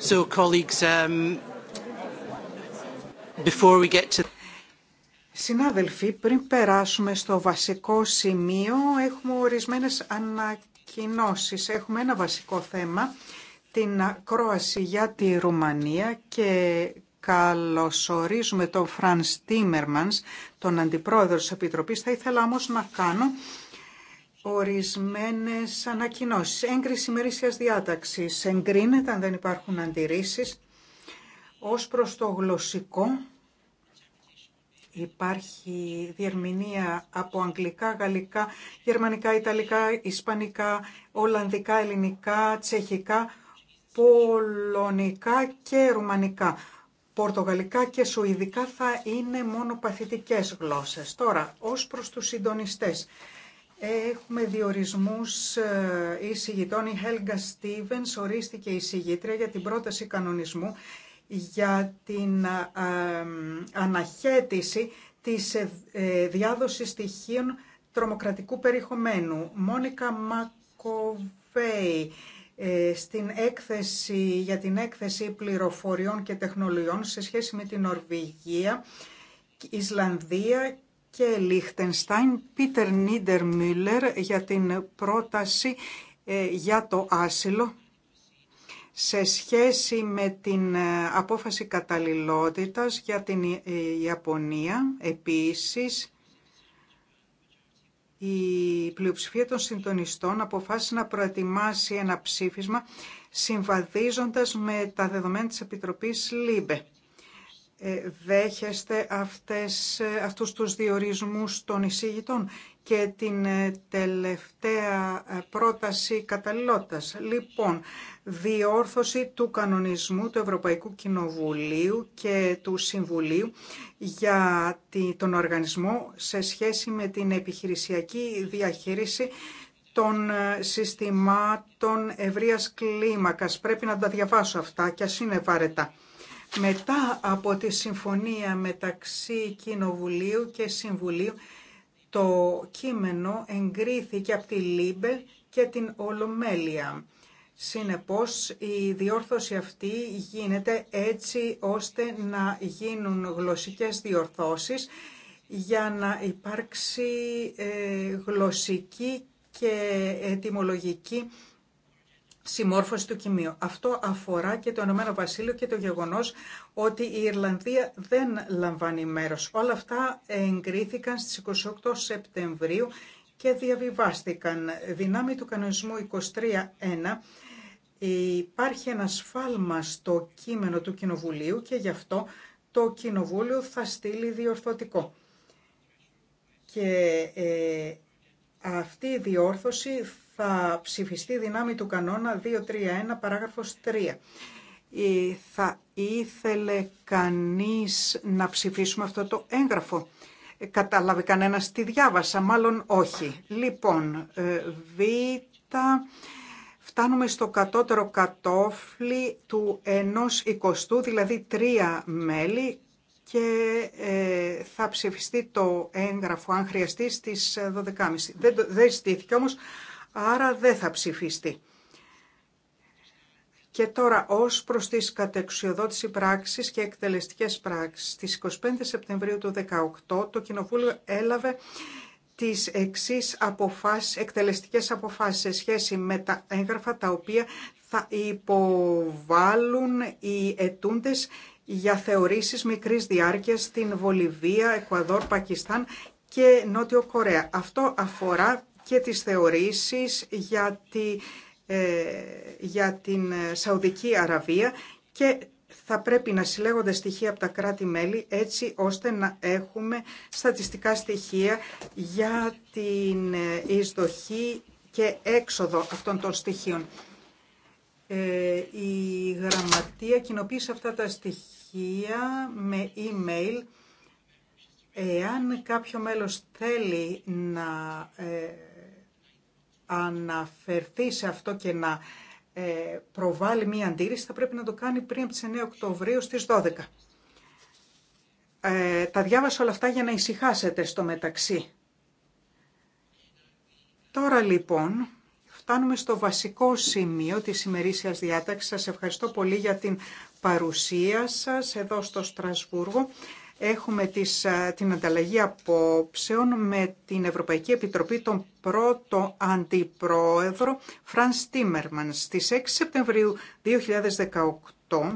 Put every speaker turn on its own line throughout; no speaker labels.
Um,
Συνάδελφοι, πριν περάσουμε στο βασικό σημείο, έχουμε ορισμένες ανακοινώσεις. Έχουμε ένα βασικό θέμα, την ακρόαση για τη Ρουμανία και καλωσορίζουμε τον Φραν Τίμερμανς, τον Αντιπρόεδρο της Επιτροπής. Θα ήθελα όμως να κάνω ορισμένες ανακοινώσεις. Έγκριση μερίσιας διάταξης εγκρίνεται αν δεν υπάρχουν αντιρρήσεις. Ως προς το γλωσσικό υπάρχει διερμηνία από αγγλικά, γαλλικά, γερμανικά, ιταλικά, ισπανικά, ολλανδικά, ελληνικά, τσεχικά, πολωνικά και ρουμανικά. Πορτογαλικά και σουηδικά θα είναι μόνο παθητικές γλώσσες. Τώρα, ως προς τους συντονιστές. Έχουμε διορισμούς ε, εισηγητών. Η Χέλγκα Στίβεν, ορίστηκε εισηγήτρια για την πρόταση κανονισμού για την ε, ε, αναχέτηση της διάδοσης στοιχείων τρομοκρατικού περιεχομένου. Μόνικα Μακοβέη στην έκθεση, για την έκθεση πληροφοριών και τεχνολογιών σε σχέση με την Νορβηγία, Ισλανδία και Λίχτενστάιν, Πίτερ Νίντερ Μίλλερ για την πρόταση ε, για το άσυλο σε σχέση με την ε, απόφαση καταλληλότητας για την ε, Ιαπωνία. Επίσης, η πλειοψηφία των συντονιστών αποφάσισε να προετοιμάσει ένα ψήφισμα συμβαδίζοντας με τα δεδομένα της Επιτροπής ΛΥΜΠΕ. Ε, δέχεστε αυτές, ε, αυτούς τους διορισμούς των εισήγητων και την ε, τελευταία πρόταση καταλληλότητας. Λοιπόν, διόρθωση του κανονισμού του Ευρωπαϊκού Κοινοβουλίου και του Συμβουλίου για τον οργανισμό σε σχέση με την επιχειρησιακή διαχείριση των συστημάτων ευρείας κλίμακας. Πρέπει να τα διαβάσω αυτά και ας είναι βαρετά μετά από τη συμφωνία μεταξύ Κοινοβουλίου και Συμβουλίου το κείμενο εγκρίθηκε από τη ΛΥΜΠΕ και την Ολομέλεια. Συνεπώς η διόρθωση αυτή γίνεται έτσι ώστε να γίνουν γλωσσικές διορθώσεις για να υπάρξει ε, γλωσσική και ετοιμολογική συμμόρφωση του κοιμίου. Αυτό αφορά και το Ηνωμένο Βασίλειο και το γεγονός ότι η Ιρλανδία δεν λαμβάνει μέρος. Όλα αυτά εγκρίθηκαν στις 28 Σεπτεμβρίου και διαβιβάστηκαν. Δυνάμει του κανονισμού 23.1 υπάρχει ένα σφάλμα στο κείμενο του Κοινοβουλίου και γι' αυτό το Κοινοβούλιο θα στείλει διορθωτικό. Και ε, αυτή η διόρθωση θα ψηφιστεί δυνάμει του κανόνα 231 παράγραφος 3. Ε, θα ήθελε κανείς να ψηφίσουμε αυτό το έγγραφο. Ε, Κατάλαβε κανένα τη διάβασα, μάλλον όχι. Λοιπόν, ε, Β, φτάνουμε στο κατώτερο κατόφλι του ενός εικοστού δηλαδή τρία μέλη και θα ψηφιστεί το έγγραφο αν χρειαστεί στις 12.30. Δεν, δεν ζητήθηκε όμως άρα δεν θα ψηφιστεί. Και τώρα ως προς τις κατεξιοδότηση πράξεις και εκτελεστικές πράξεις. Στις 25 Σεπτεμβρίου του 2018 το Κοινοβούλιο έλαβε τις εξής αποφάσεις, εκτελεστικές αποφάσεις σε σχέση με τα έγγραφα τα οποία θα υποβάλουν οι ετούντες για θεωρήσεις μικρής διάρκειας στην Βολιβία, Εκουαδόρ, Πακιστάν και Νότιο Κορέα. Αυτό αφορά και τις θεωρήσεις για, τη, ε, για την Σαουδική Αραβία και θα πρέπει να συλλέγονται στοιχεία από τα κράτη-μέλη έτσι ώστε να έχουμε στατιστικά στοιχεία για την ε, εισδοχή και έξοδο αυτών των στοιχείων. Ε, η γραμματεία κοινοποίησε αυτά τα στοιχεία με email. Εάν κάποιο μέλος θέλει να αναφερθεί σε αυτό και να ε, προβάλλει μία αντίρρηση, θα πρέπει να το κάνει πριν από τις 9 Οκτωβρίου στις 12. Ε, τα διάβασα όλα αυτά για να ησυχάσετε στο μεταξύ. Τώρα λοιπόν φτάνουμε στο βασικό σημείο της ημερήσιας διάταξης. Σας ευχαριστώ πολύ για την παρουσία σας εδώ στο Στρασβούργο. Έχουμε τις, την ανταλλαγή απόψεων με την Ευρωπαϊκή Επιτροπή τον πρώτο αντιπρόεδρο Φρανς Τίμερμαν. Στις 6 Σεπτεμβρίου 2018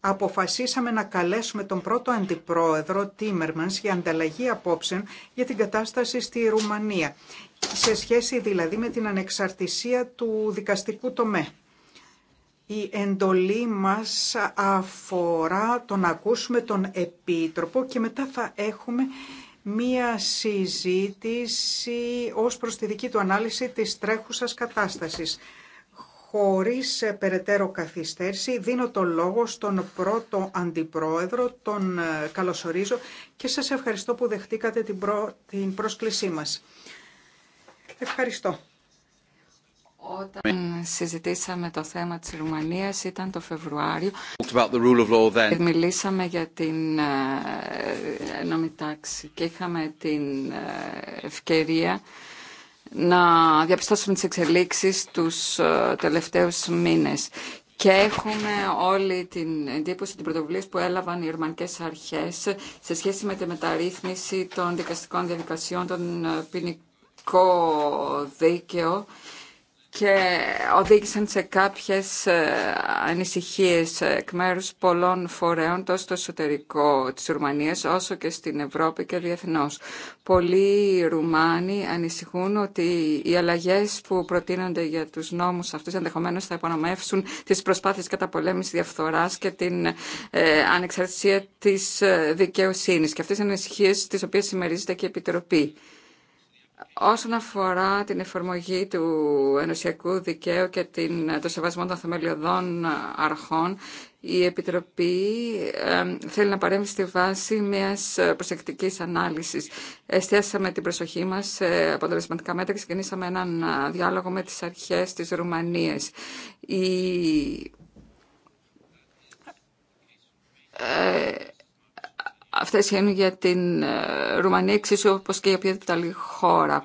αποφασίσαμε να καλέσουμε τον πρώτο αντιπρόεδρο Τίμερμανς για ανταλλαγή απόψεων για την κατάσταση στη Ρουμανία, σε σχέση δηλαδή με την ανεξαρτησία του δικαστικού τομέα. Η εντολή μας αφορά το να ακούσουμε τον Επίτροπο και μετά θα έχουμε μία συζήτηση ως προς τη δική του ανάλυση της τρέχουσας κατάστασης. Χωρίς περαιτέρω καθυστέρηση δίνω το λόγο στον πρώτο αντιπρόεδρο, τον ε, καλωσορίζω και σας ευχαριστώ που δεχτήκατε την, την πρόσκλησή μας.
Ευχαριστώ. Όταν συζητήσαμε το θέμα της Ρουμανίας ήταν το Φεβρουάριο. και Μιλήσαμε για την ε, νόμη τάξη και είχαμε την ε, ευκαιρία να διαπιστώσουμε τις εξελίξεις τους ε, τελευταίους μήνες. Και έχουμε όλη την εντύπωση την πρωτοβουλία που έλαβαν οι Ρουμανικές αρχές σε σχέση με τη μεταρρύθμιση των δικαστικών διαδικασιών, των ποινικό δίκαιο και οδήγησαν σε κάποιες ε, ανησυχίες εκ μέρους πολλών φορέων τόσο στο εσωτερικό της Ρουμανίας όσο και στην Ευρώπη και διεθνώς. Πολλοί Ρουμάνοι ανησυχούν ότι οι αλλαγές που προτείνονται για τους νόμους αυτούς ενδεχομένως θα υπονομεύσουν τις προσπάθειες καταπολέμησης διαφθοράς και την ε, ανεξαρτησία της ε, δικαιοσύνης. Και αυτές είναι ανησυχίες τις οποίες συμμερίζεται και η Επιτροπή. Όσον αφορά την εφαρμογή του ενωσιακού δικαίου και την, το σεβασμό των θεμελιωδών αρχών, η Επιτροπή θέλει να παρέμβει στη βάση μιας προσεκτικής ανάλυσης. Εστιάσαμε την προσοχή μας σε αποτελεσματικά μέτρα και ξεκινήσαμε έναν διάλογο με τις αρχές της Ρουμανίας. Η... Ε, Αυτές γίνουν για την ε, Ρουμανία εξίσου όπως και για οποιαδήποτε άλλη χώρα.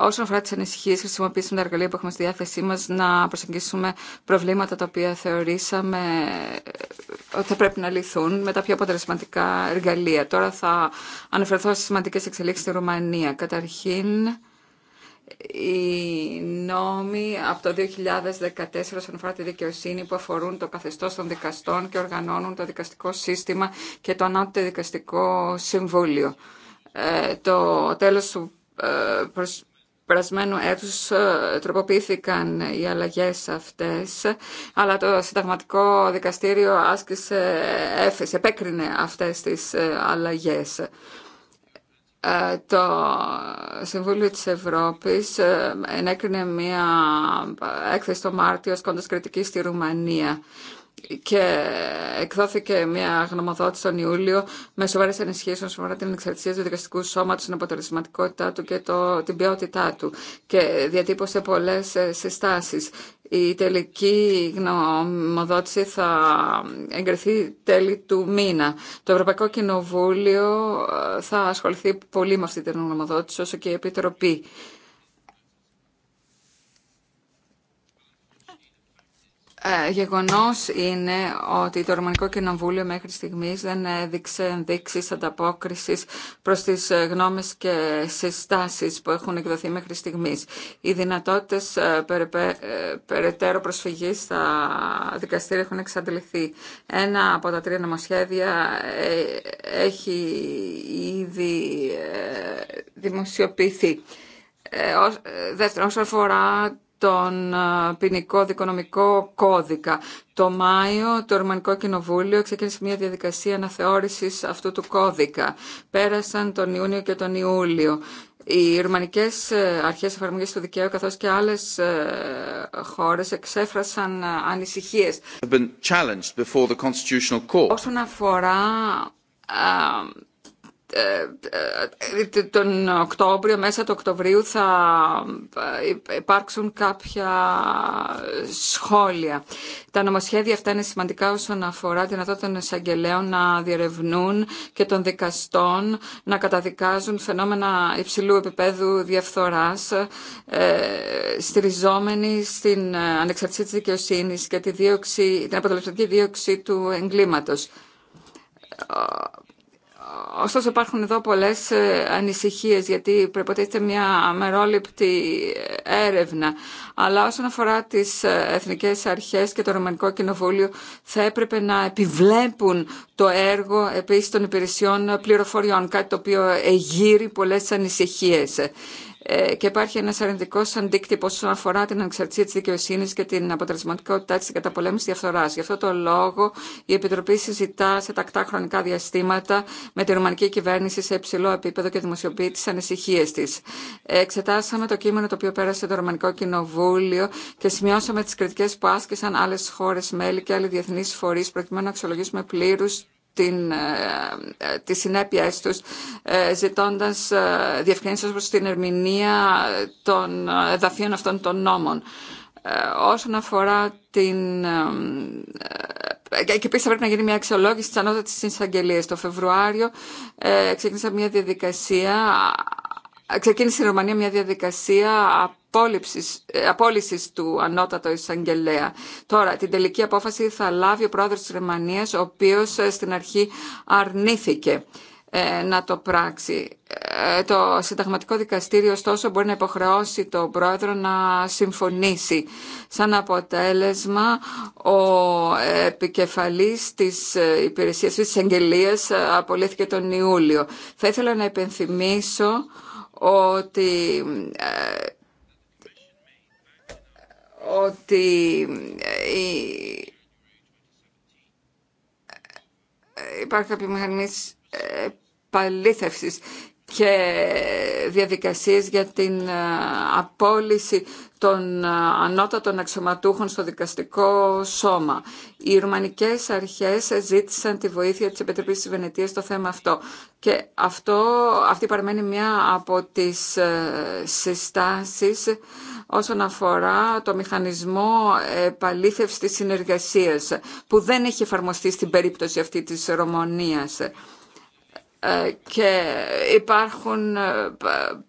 Όσον αφορά τι ανησυχίε, χρησιμοποιήσουμε τα εργαλεία που έχουμε στη διάθεσή μα να προσεγγίσουμε προβλήματα τα οποία θεωρήσαμε ε, ότι θα πρέπει να λυθούν με τα πιο αποτελεσματικά εργαλεία. Τώρα θα αναφερθώ στι σημαντικέ εξελίξει στη Ρουμανία. Καταρχήν, οι νόμοι από το 2014 σχετικά αφορά τη δικαιοσύνη που αφορούν το καθεστώς των δικαστών και οργανώνουν το δικαστικό σύστημα και το ανάπτυτο δικαστικό συμβούλιο. Ε, το τέλος του ε, περασμένου έτους ε, τροποποιήθηκαν οι αλλαγές αυτές, αλλά το συνταγματικό δικαστήριο άσκησε, έφεση, επέκρινε αυτές τις ε, αλλαγές. Ε, το Συμβούλιο της Ευρώπης ε, ενέκρινε μία έκθεση το Μάρτιο ασκώντας κριτική στη Ρουμανία και εκδόθηκε μια γνωμοδότηση τον Ιούλιο με σοβαρέ ενισχύσει όσον αφορά την εξαρτησία του δικαστικού σώματο, την αποτελεσματικότητά του και το, την ποιότητά του. Και διατύπωσε πολλέ ε, συστάσει. Η τελική γνωμοδότηση θα εγκριθεί τέλη του μήνα. Το Ευρωπαϊκό Κοινοβούλιο ε, θα ασχοληθεί πολύ με αυτή την γνωμοδότηση, όσο και η Επιτροπή. Ε, γεγονός είναι ότι το Ρωμανικό Κοινοβούλιο μέχρι στιγμή δεν έδειξε ενδείξει ανταπόκριση προς τις γνώμες και συστάσεις που έχουν εκδοθεί μέχρι στιγμή. Οι δυνατότητε ε, ε, περαιτέρω προσφυγής στα δικαστήρια έχουν εξαντληθεί. Ένα από τα τρία νομοσχέδια έχει ήδη δημοσιοποιηθεί. Δεύτερον, όσον αφορά τον ποινικό δικονομικό κώδικα. Το Μάιο το Ρουμανικό Κοινοβούλιο ξεκίνησε μια διαδικασία αναθεώρησης αυτού του κώδικα. Πέρασαν τον Ιούνιο και τον Ιούλιο. Οι Ρουμανικές ε, Αρχές Εφαρμογής του Δικαίου καθώς και άλλες ε, χώρες εξέφρασαν ε, ανησυχίες. Όσον αφορά ε, ε, ε, τον Οκτώβριο, μέσα του Οκτωβρίου θα υπάρξουν κάποια σχόλια. Τα νομοσχέδια αυτά είναι σημαντικά όσον αφορά την δυνατότητα των εισαγγελέων να διερευνούν και των δικαστών να καταδικάζουν φαινόμενα υψηλού επίπεδου διαφθοράς ε, στηριζόμενοι στην ανεξαρτησία της δικαιοσύνης και τη δίωξη, την αποτελεσματική δίωξη του εγκλήματος Ωστόσο υπάρχουν εδώ πολλές ε, ανησυχίες γιατί προποτείται μια αμερόληπτη έρευνα. Αλλά όσον αφορά τις ε, εθνικές αρχές και το Ρωμανικό Κοινοβούλιο θα έπρεπε να επιβλέπουν το έργο επίσης των υπηρεσιών πληροφοριών, κάτι το οποίο εγείρει πολλές ανησυχίες. Ε, και υπάρχει ένα αρνητικό αντίκτυπο όσον αφορά την ανεξαρτησία τη δικαιοσύνη και την αποτελεσματικότητά τη καταπολέμηση διαφθορά. Γι' αυτό το λόγο η Επιτροπή συζητά σε τακτά χρονικά διαστήματα με τη ρουμανική κυβέρνηση σε υψηλό επίπεδο και δημοσιοποιεί τι ανησυχίε τη. Εξετάσαμε το κείμενο το οποίο πέρασε το Ρουμανικό Κοινοβούλιο και σημειώσαμε τι κριτικέ που άσκησαν άλλε χώρε μέλη και άλλοι διεθνεί φορεί προκειμένου να αξιολογήσουμε πλήρου την, ε, ε, τις συνέπειές τους ε, ζητώντας διευκρινήσεις προς την ερμηνεία των εδαφείων αυτών των νόμων. Όσον αφορά την... Και επίση θα πρέπει να γίνει μια αξιολόγηση τη της εισαγγελία. Το Φεβρουάριο ξεκίνησα μια διαδικασία Ξεκίνησε η Ρωμανία μια διαδικασία ε, απόλυσης του ανώτατο εισαγγελέα. Τώρα, την τελική απόφαση θα λάβει ο πρόεδρος της Ρεμανίας, ο οποίος ε, στην αρχή αρνήθηκε ε, να το πράξει. Το συνταγματικό δικαστήριο ωστόσο μπορεί να υποχρεώσει τον πρόεδρο να συμφωνήσει. Σαν αποτέλεσμα ο επικεφαλής της υπηρεσίας της εισαγγελία απολύθηκε τον Ιούλιο. Θα ήθελα να υπενθυμίσω ότι ότι ε, ε, υπάρχουν κάποιοι μηχανισμοί παλήθευσης και διαδικασίες για την ε, απόλυση των ανώτατων αξιωματούχων στο δικαστικό σώμα. Οι Ρουμανικές αρχές ζήτησαν τη βοήθεια της Επιτροπής της Βενετίας στο θέμα αυτό. Και αυτό, αυτή παραμένει μια από τις συστάσεις όσον αφορά το μηχανισμό επαλήθευσης της συνεργασίας που δεν έχει εφαρμοστεί στην περίπτωση αυτή της Ρωμανίας ε, και υπάρχουν ε,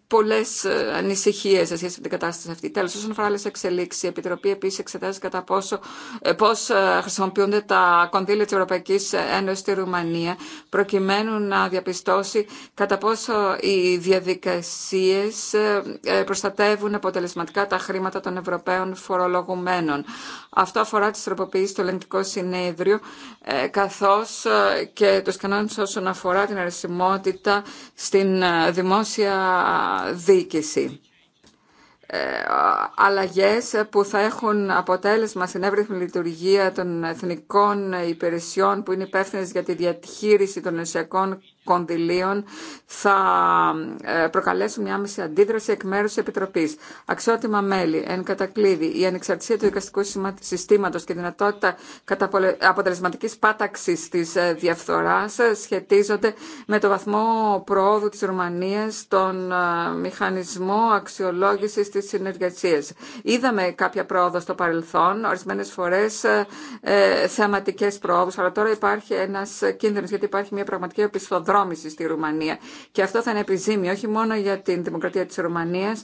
πολλέ ε, ανησυχίε σε σχέση με την κατάσταση αυτή. Τέλο, όσον αφορά άλλε εξελίξει, η Επιτροπή επίση εξετάζει κατά πόσο ε, πώς ε, χρησιμοποιούνται τα κονδύλια τη Ευρωπαϊκή Ένωση στη Ρουμανία, προκειμένου να διαπιστώσει κατά πόσο οι διαδικασίε προστατεύουν αποτελεσματικά τα χρήματα των Ευρωπαίων φορολογουμένων. Αυτό αφορά τι τροποποιήσει στο ελεγκτικό συνέδριο, καθώ και του κανόνε όσον αφορά την αρεσιμότητα στην δημόσια διοίκηση. Ε, αλλαγές που θα έχουν αποτέλεσμα στην εύρυθμη λειτουργία των εθνικών υπηρεσιών που είναι υπεύθυνε για τη διαχείριση των ενωσιακών κονδυλίων θα ε, προκαλέσουν μια άμεση αντίδραση εκ μέρου τη Επιτροπής. Αξιότιμα μέλη, εν κατακλείδη, η ανεξαρτησία του δικαστικού συστήματο και η δυνατότητα αποτελεσματική πάταξη τη ε, διαφθορά ε, σχετίζονται με το βαθμό προόδου τη Ρουμανία στον μηχανισμό αξιολόγηση τη συνεργασία. Είδαμε κάποια πρόοδο στο παρελθόν, ορισμένε φορέ θεματικέ πρόοδου, αλλά τώρα υπάρχει ένα κίνδυνο γιατί υπάρχει μια πραγματική επιστοδρόμηση στη Ρουμανία. Και αυτό θα είναι επιζήμιο όχι μόνο για την δημοκρατία της Ρουμανίας,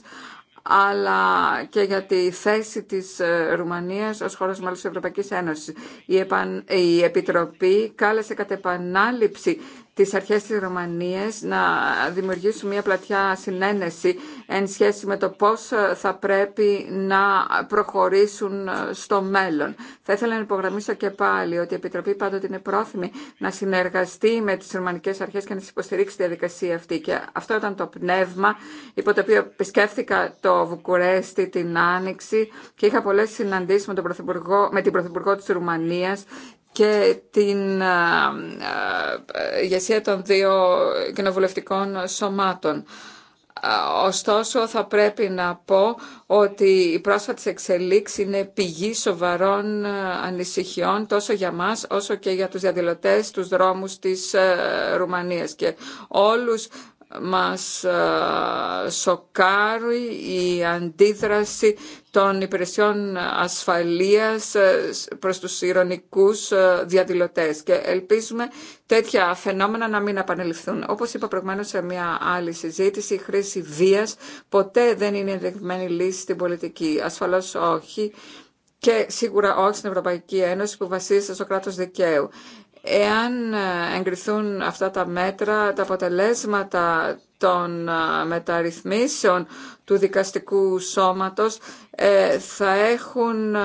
αλλά και για τη θέση της ε, Ρουμανίας ως χώρας μέλος της Ευρωπαϊκής Ένωσης. Η, Επιτροπή κάλεσε κατ' επανάληψη τις αρχές της Ρουμανίας να δημιουργήσουν μια πλατιά συνένεση εν σχέση με το πώς θα πρέπει να προχωρήσουν στο μέλλον. Θα ήθελα να υπογραμμίσω και πάλι ότι η Επιτροπή πάντοτε είναι πρόθυμη να συνεργαστεί με τις Ρωμανικές αρχές και να τις υποστηρίξει τη διαδικασία αυτή. Και αυτό ήταν το πνεύμα υπό το οποίο επισκέφθηκα το Βουκουρέστι την Άνοιξη και είχα πολλές συναντήσεις με, με την Πρωθυπουργό της Ρουμανίας και την ηγεσία των δύο κοινοβουλευτικών σωμάτων. Ωστόσο, θα πρέπει να πω ότι η πρόσφατη εξελίξεις είναι πηγή σοβαρών ανησυχιών τόσο για μας όσο και για τους διαδηλωτές τους δρόμους της Ρουμανίας και όλους μας ε, σοκάρει η αντίδραση των υπηρεσιών ασφαλείας ε, προς τους ηρωνικούς ε, διαδηλωτές και ελπίζουμε τέτοια φαινόμενα να μην επανεληφθούν. Όπως είπα προηγουμένως σε μια άλλη συζήτηση, η χρήση βίας ποτέ δεν είναι ενδεχμένη λύση στην πολιτική. Ασφαλώς όχι και σίγουρα όχι στην Ευρωπαϊκή Ένωση που βασίζεται στο κράτος δικαίου. Εάν ε, εγκριθούν αυτά τα μέτρα, τα αποτελέσματα των ε, μεταρρυθμίσεων του δικαστικού σώματος ε, θα έχουν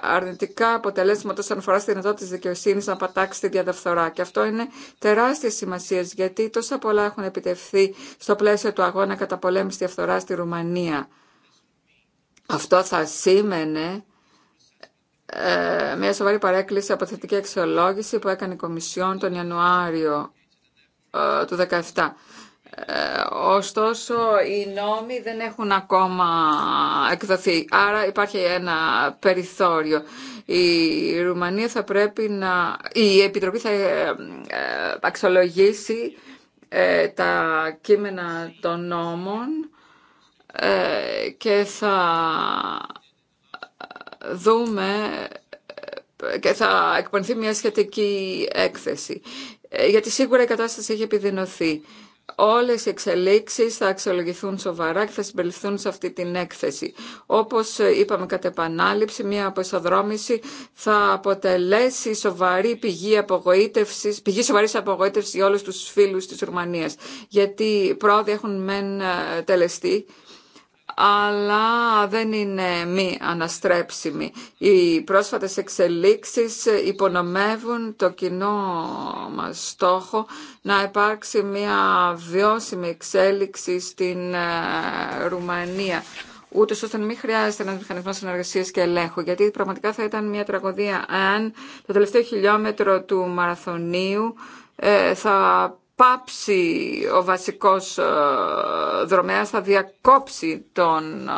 αρνητικά αποτελέσματα όσον αφορά στη δυνατότητα της δικαιοσύνης να πατάξει τη διαδευθορά. Και αυτό είναι τεράστια σημασία γιατί τόσα πολλά έχουν επιτευχθεί στο πλαίσιο του αγώνα κατά πολέμηση διαφθορά στη Ρουμανία. Αυτό θα σήμαινε ε, μια σοβαρή παρέκκληση από θετική αξιολόγηση που έκανε η Κομισιόν τον Ιανουάριο ε, του 2017. Ε, ωστόσο, οι νόμοι δεν έχουν ακόμα εκδοθεί, άρα υπάρχει ένα περιθώριο. Η Ρουμανία θα πρέπει να... Η Επιτροπή θα αξιολογήσει τα κείμενα των νόμων και θα δούμε και θα εκπονηθεί μια σχετική έκθεση. Ε, γιατί σίγουρα η κατάσταση έχει επιδεινωθεί. Όλες οι εξελίξεις θα αξιολογηθούν σοβαρά και θα συμπεριληφθούν σε αυτή την έκθεση. Όπως είπαμε κατά επανάληψη, μια αποσοδρόμηση θα αποτελέσει σοβαρή πηγή, απογοήτευσης, πηγή σοβαρής απογοήτευσης για όλους τους φίλους της Ρουμανίας. Γιατί πρόοδοι έχουν μεν ε, τελεστεί, αλλά δεν είναι μη αναστρέψιμη. Οι πρόσφατες εξελίξεις υπονομεύουν το κοινό μας στόχο να υπάρξει μια βιώσιμη εξέλιξη στην ε, Ρουμανία ούτως ώστε να μην χρειάζεται ένας μηχανισμός συνεργασίας και ελέγχου, γιατί πραγματικά θα ήταν μια τραγωδία αν το τελευταίο χιλιόμετρο του μαραθωνίου ε, θα πάψει ο βασικός ε, δρομέας, θα διακόψει τον,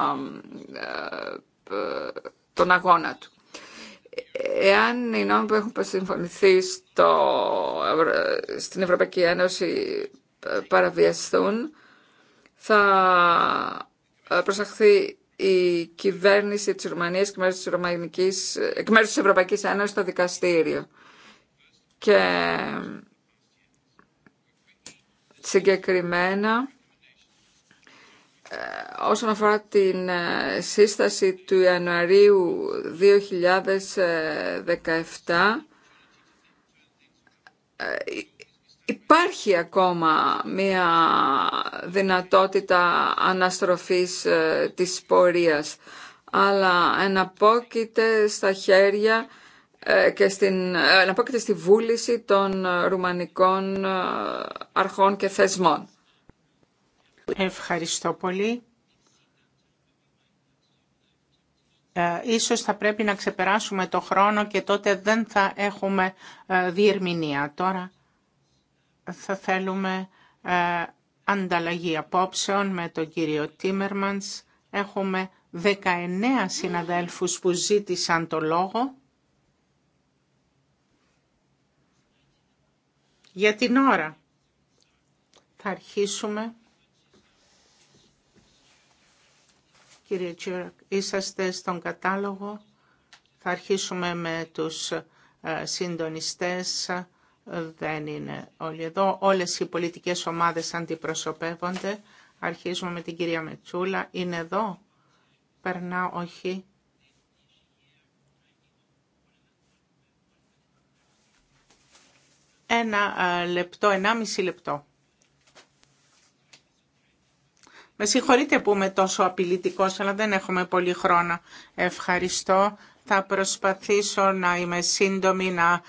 ε, ε, τον αγώνα του. Εάν οι νόμοι που έχουν συμφωνηθεί στο, στην Ευρωπαϊκή Ένωση παραβιαστούν, θα προσαχθεί η κυβέρνηση της Ρουμανίας και μέρους της, εκ μέρους της Ευρωπαϊκής Ένωσης στο δικαστήριο. Και Συγκεκριμένα, ε, όσον αφορά την ε, σύσταση του Ιανουαρίου 2017, ε, υπάρχει ακόμα μία δυνατότητα αναστροφής της πορείας, αλλά εναπόκειται στα χέρια ε, και στην, ε, να πω και στη βούληση των ε, ρουμανικών αρχών και θεσμών. Ευχαριστώ πολύ.
Ίσως θα πρέπει να ξεπεράσουμε το χρόνο και τότε δεν θα έχουμε διερμηνία. Τώρα θα θέλουμε ανταλλαγή απόψεων με τον κύριο Τίμερμανς. Έχουμε 19 συναδέλφους που ζήτησαν το λόγο. για την ώρα. Θα αρχίσουμε. Κύριε Τσιουρακ, είσαστε στον κατάλογο. Θα αρχίσουμε με τους ε, συντονιστές. Δεν είναι όλοι εδώ. Όλες οι πολιτικές ομάδες αντιπροσωπεύονται. Αρχίζουμε με την κυρία Μετσούλα. Είναι εδώ. Περνά, όχι. Ένα λεπτό, ενάμιση λεπτό. Με συγχωρείτε που είμαι τόσο απειλητικός, αλλά δεν έχουμε πολύ χρόνο. Ευχαριστώ. Θα προσπαθήσω να είμαι σύντομη, να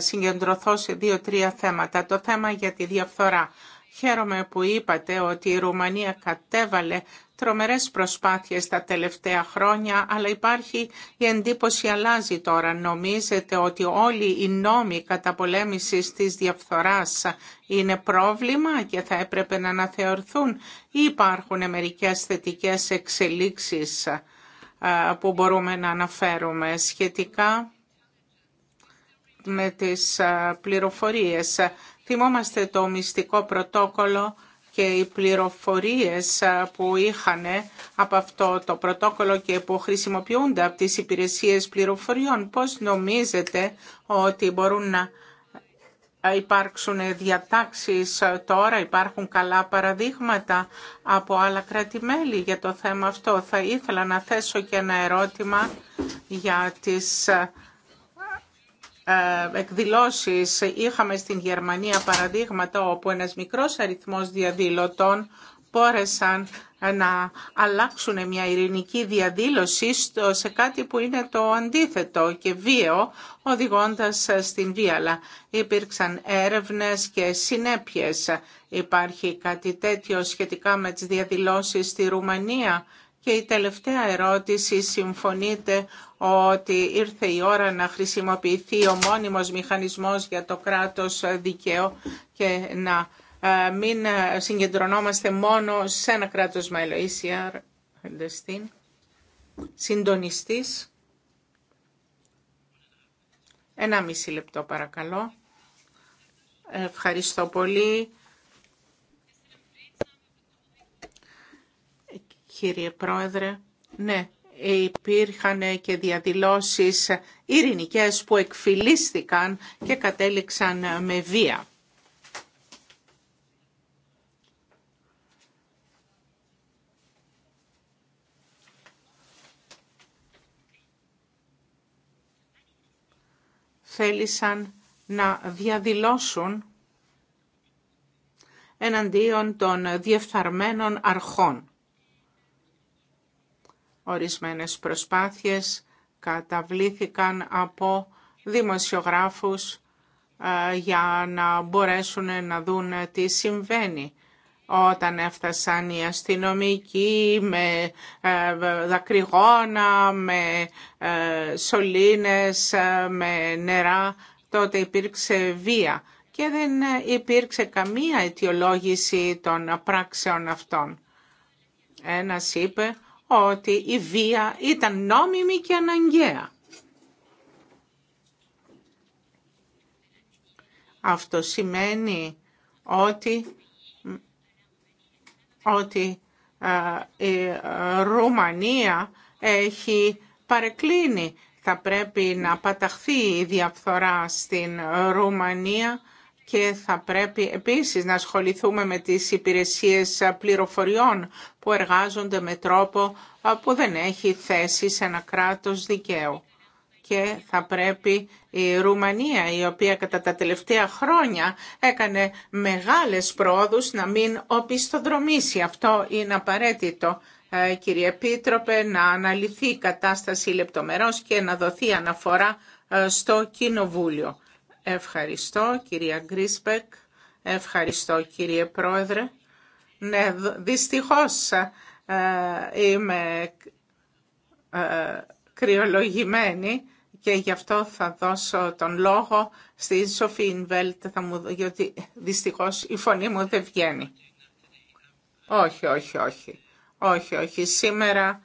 συγκεντρωθώ σε δύο-τρία θέματα. Το θέμα για τη διαφθορά. Χαίρομαι που είπατε ότι η Ρουμανία κατέβαλε τρομερές προσπάθειες τα τελευταία χρόνια, αλλά υπάρχει η εντύπωση αλλάζει τώρα. Νομίζετε ότι όλοι οι νόμοι καταπολέμησης της διαφθοράς είναι πρόβλημα και θα έπρεπε να αναθεωρηθούν ή υπάρχουν μερικές θετικές εξελίξεις που μπορούμε να αναφέρουμε σχετικά με τις πληροφορίες. Θυμόμαστε το μυστικό πρωτόκολλο και οι πληροφορίες που είχαν ε, από αυτό το πρωτόκολλο και που χρησιμοποιούνται από τις υπηρεσίες πληροφοριών. Πώς νομίζετε ότι μπορούν να υπάρξουν διατάξεις τώρα, υπάρχουν καλά παραδείγματα από άλλα κράτη-μέλη για το θέμα αυτό. Θα ήθελα να θέσω και ένα ερώτημα για τις ε, εκδηλώσεις είχαμε στην Γερμανία παραδείγματα όπου ένας μικρός αριθμός διαδηλωτών πόρεσαν να αλλάξουν μια ειρηνική διαδήλωση σε κάτι που είναι το αντίθετο και βίαιο, οδηγώντας στην βία. υπήρξαν έρευνες και συνέπειες. Υπάρχει κάτι τέτοιο σχετικά με τις διαδηλώσεις στη Ρουμανία και η τελευταία ερώτηση, συμφωνείτε ότι ήρθε η ώρα να χρησιμοποιηθεί ο μόνιμος μηχανισμός για το κράτος δικαίου και να ε, μην ε, συγκεντρωνόμαστε μόνο σε ένα κράτος μέλο. ECR, συντονιστής. Ένα μισή λεπτό παρακαλώ. Ευχαριστώ πολύ. κύριε Πρόεδρε. Ναι, υπήρχαν και διαδηλώσεις ειρηνικές που εκφυλίστηκαν και κατέληξαν με βία. θέλησαν να διαδηλώσουν εναντίον των διεφθαρμένων αρχών. Ορισμένες προσπάθειες καταβλήθηκαν από δημοσιογράφους ε, για να μπορέσουν να δουν τι συμβαίνει. Όταν έφτασαν οι αστυνομικοί με ε, δακρυγόνα, με ε, σωλήνες, με νερά, τότε υπήρξε βία και δεν υπήρξε καμία αιτιολόγηση των πράξεων αυτών. Ένας είπε ότι η βία ήταν νόμιμη και αναγκαία. Αυτό σημαίνει ότι, ότι η Ρουμανία έχει παρεκκλίνει. Θα πρέπει να παταχθεί η διαφθορά στην Ρουμανία και θα πρέπει επίσης να ασχοληθούμε με τις υπηρεσίες πληροφοριών που εργάζονται με τρόπο που δεν έχει θέση σε ένα κράτος δικαίου. Και θα πρέπει η Ρουμανία, η οποία κατά τα τελευταία χρόνια έκανε μεγάλες πρόοδους, να μην οπισθοδρομήσει. Αυτό είναι απαραίτητο, ε, κύριε Επίτροπε, να αναλυθεί η κατάσταση λεπτομερώς και να δοθεί αναφορά ε, στο Κοινοβούλιο. Ευχαριστώ κυρία Γκρίσπεκ. Ευχαριστώ κύριε Πρόεδρε. Ναι, δυστυχώς ε, είμαι ε, κρυολογημένη και γι' αυτό θα δώσω τον λόγο στη Σοφίν Βέλτ, θα μου, γιατί δυστυχώς η φωνή μου δεν βγαίνει. Όχι, όχι, όχι. Όχι, όχι. Σήμερα,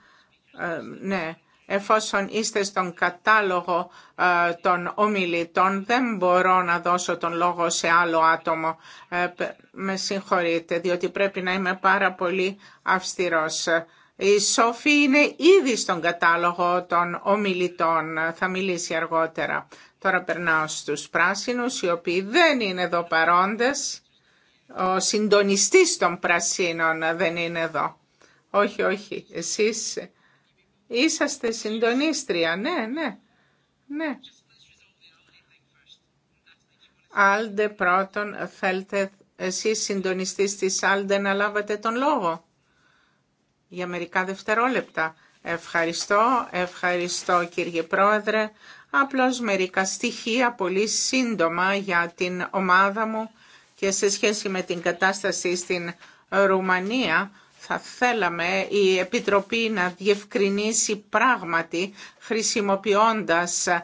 ε, ναι, εφόσον είστε στον κατάλογο ε, των ομιλητών, δεν μπορώ να δώσω τον λόγο σε άλλο άτομο. Ε, με συγχωρείτε, διότι πρέπει να είμαι πάρα πολύ αυστηρός. Η Σόφη είναι ήδη στον κατάλογο των ομιλητών, θα μιλήσει αργότερα. Τώρα περνάω στους πράσινους, οι οποίοι δεν είναι εδώ παρόντες. Ο συντονιστής των πρασίνων δεν είναι εδώ. Όχι, όχι, εσείς Είσαστε συντονίστρια, ναι, ναι, ναι. Άλντε πρώτον, θέλετε εσείς συντονιστής της Άλντε να λάβετε τον λόγο για μερικά δευτερόλεπτα. Ευχαριστώ, ευχαριστώ κύριε Πρόεδρε. Απλώς μερικά στοιχεία πολύ σύντομα για την ομάδα μου και σε σχέση με την κατάσταση στην Ρουμανία θέλαμε η Επιτροπή να διευκρινίσει πράγματι χρησιμοποιώντας ε,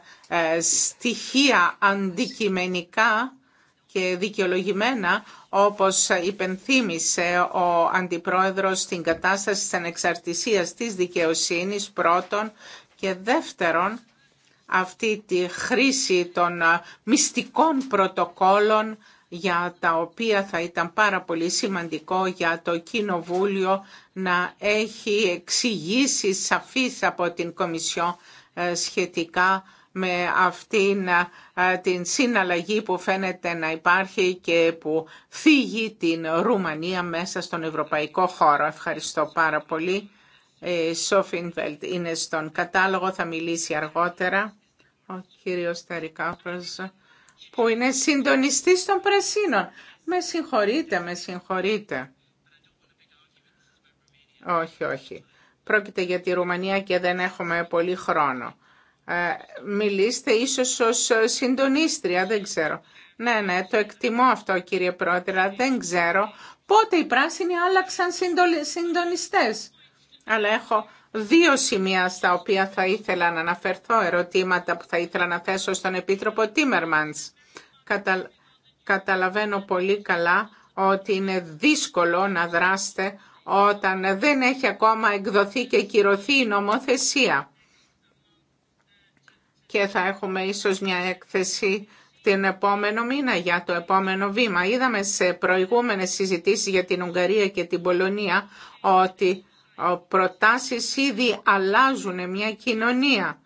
στοιχεία αντικειμενικά και δικαιολογημένα όπως υπενθύμησε ο Αντιπρόεδρος στην κατάσταση της ανεξαρτησίας της δικαιοσύνης πρώτον και δεύτερον αυτή τη χρήση των ε, μυστικών πρωτοκόλων για τα οποία θα ήταν πάρα πολύ σημαντικό για το Κοινοβούλιο να έχει εξηγήσει σαφής από την Κομισιό ε, σχετικά με αυτήν ε, την συναλλαγή που φαίνεται να υπάρχει και που φύγει την Ρουμανία μέσα στον ευρωπαϊκό χώρο. Ευχαριστώ πάρα πολύ. Ε, Σόφινβελτ είναι στον κατάλογο, θα μιλήσει αργότερα. Ο κύριος Ταρικάφρος που είναι συντονιστής των Πρασίνων. Με συγχωρείτε, με συγχωρείτε. Όχι, όχι. Πρόκειται για τη Ρουμανία και δεν έχουμε πολύ χρόνο. Ε, μιλήστε ίσως ως συντονίστρια, δεν ξέρω. Ναι, ναι, το εκτιμώ αυτό κύριε Πρόεδρε, δεν ξέρω πότε οι πράσινοι άλλαξαν συντονιστές. Αλλά έχω Δύο σημεία στα οποία θα ήθελα να αναφερθώ, ερωτήματα που θα ήθελα να θέσω στον Επίτροπο Τίμερμανς. Καταλαβαίνω πολύ καλά ότι είναι δύσκολο να δράστε όταν δεν έχει ακόμα εκδοθεί και κυρωθεί η νομοθεσία. Και θα έχουμε ίσως μια έκθεση την επόμενο μήνα για το επόμενο βήμα. Είδαμε σε προηγούμενες συζητήσεις για την Ουγγαρία και την Πολωνία ότι προτάσεις ήδη αλλάζουν μια κοινωνία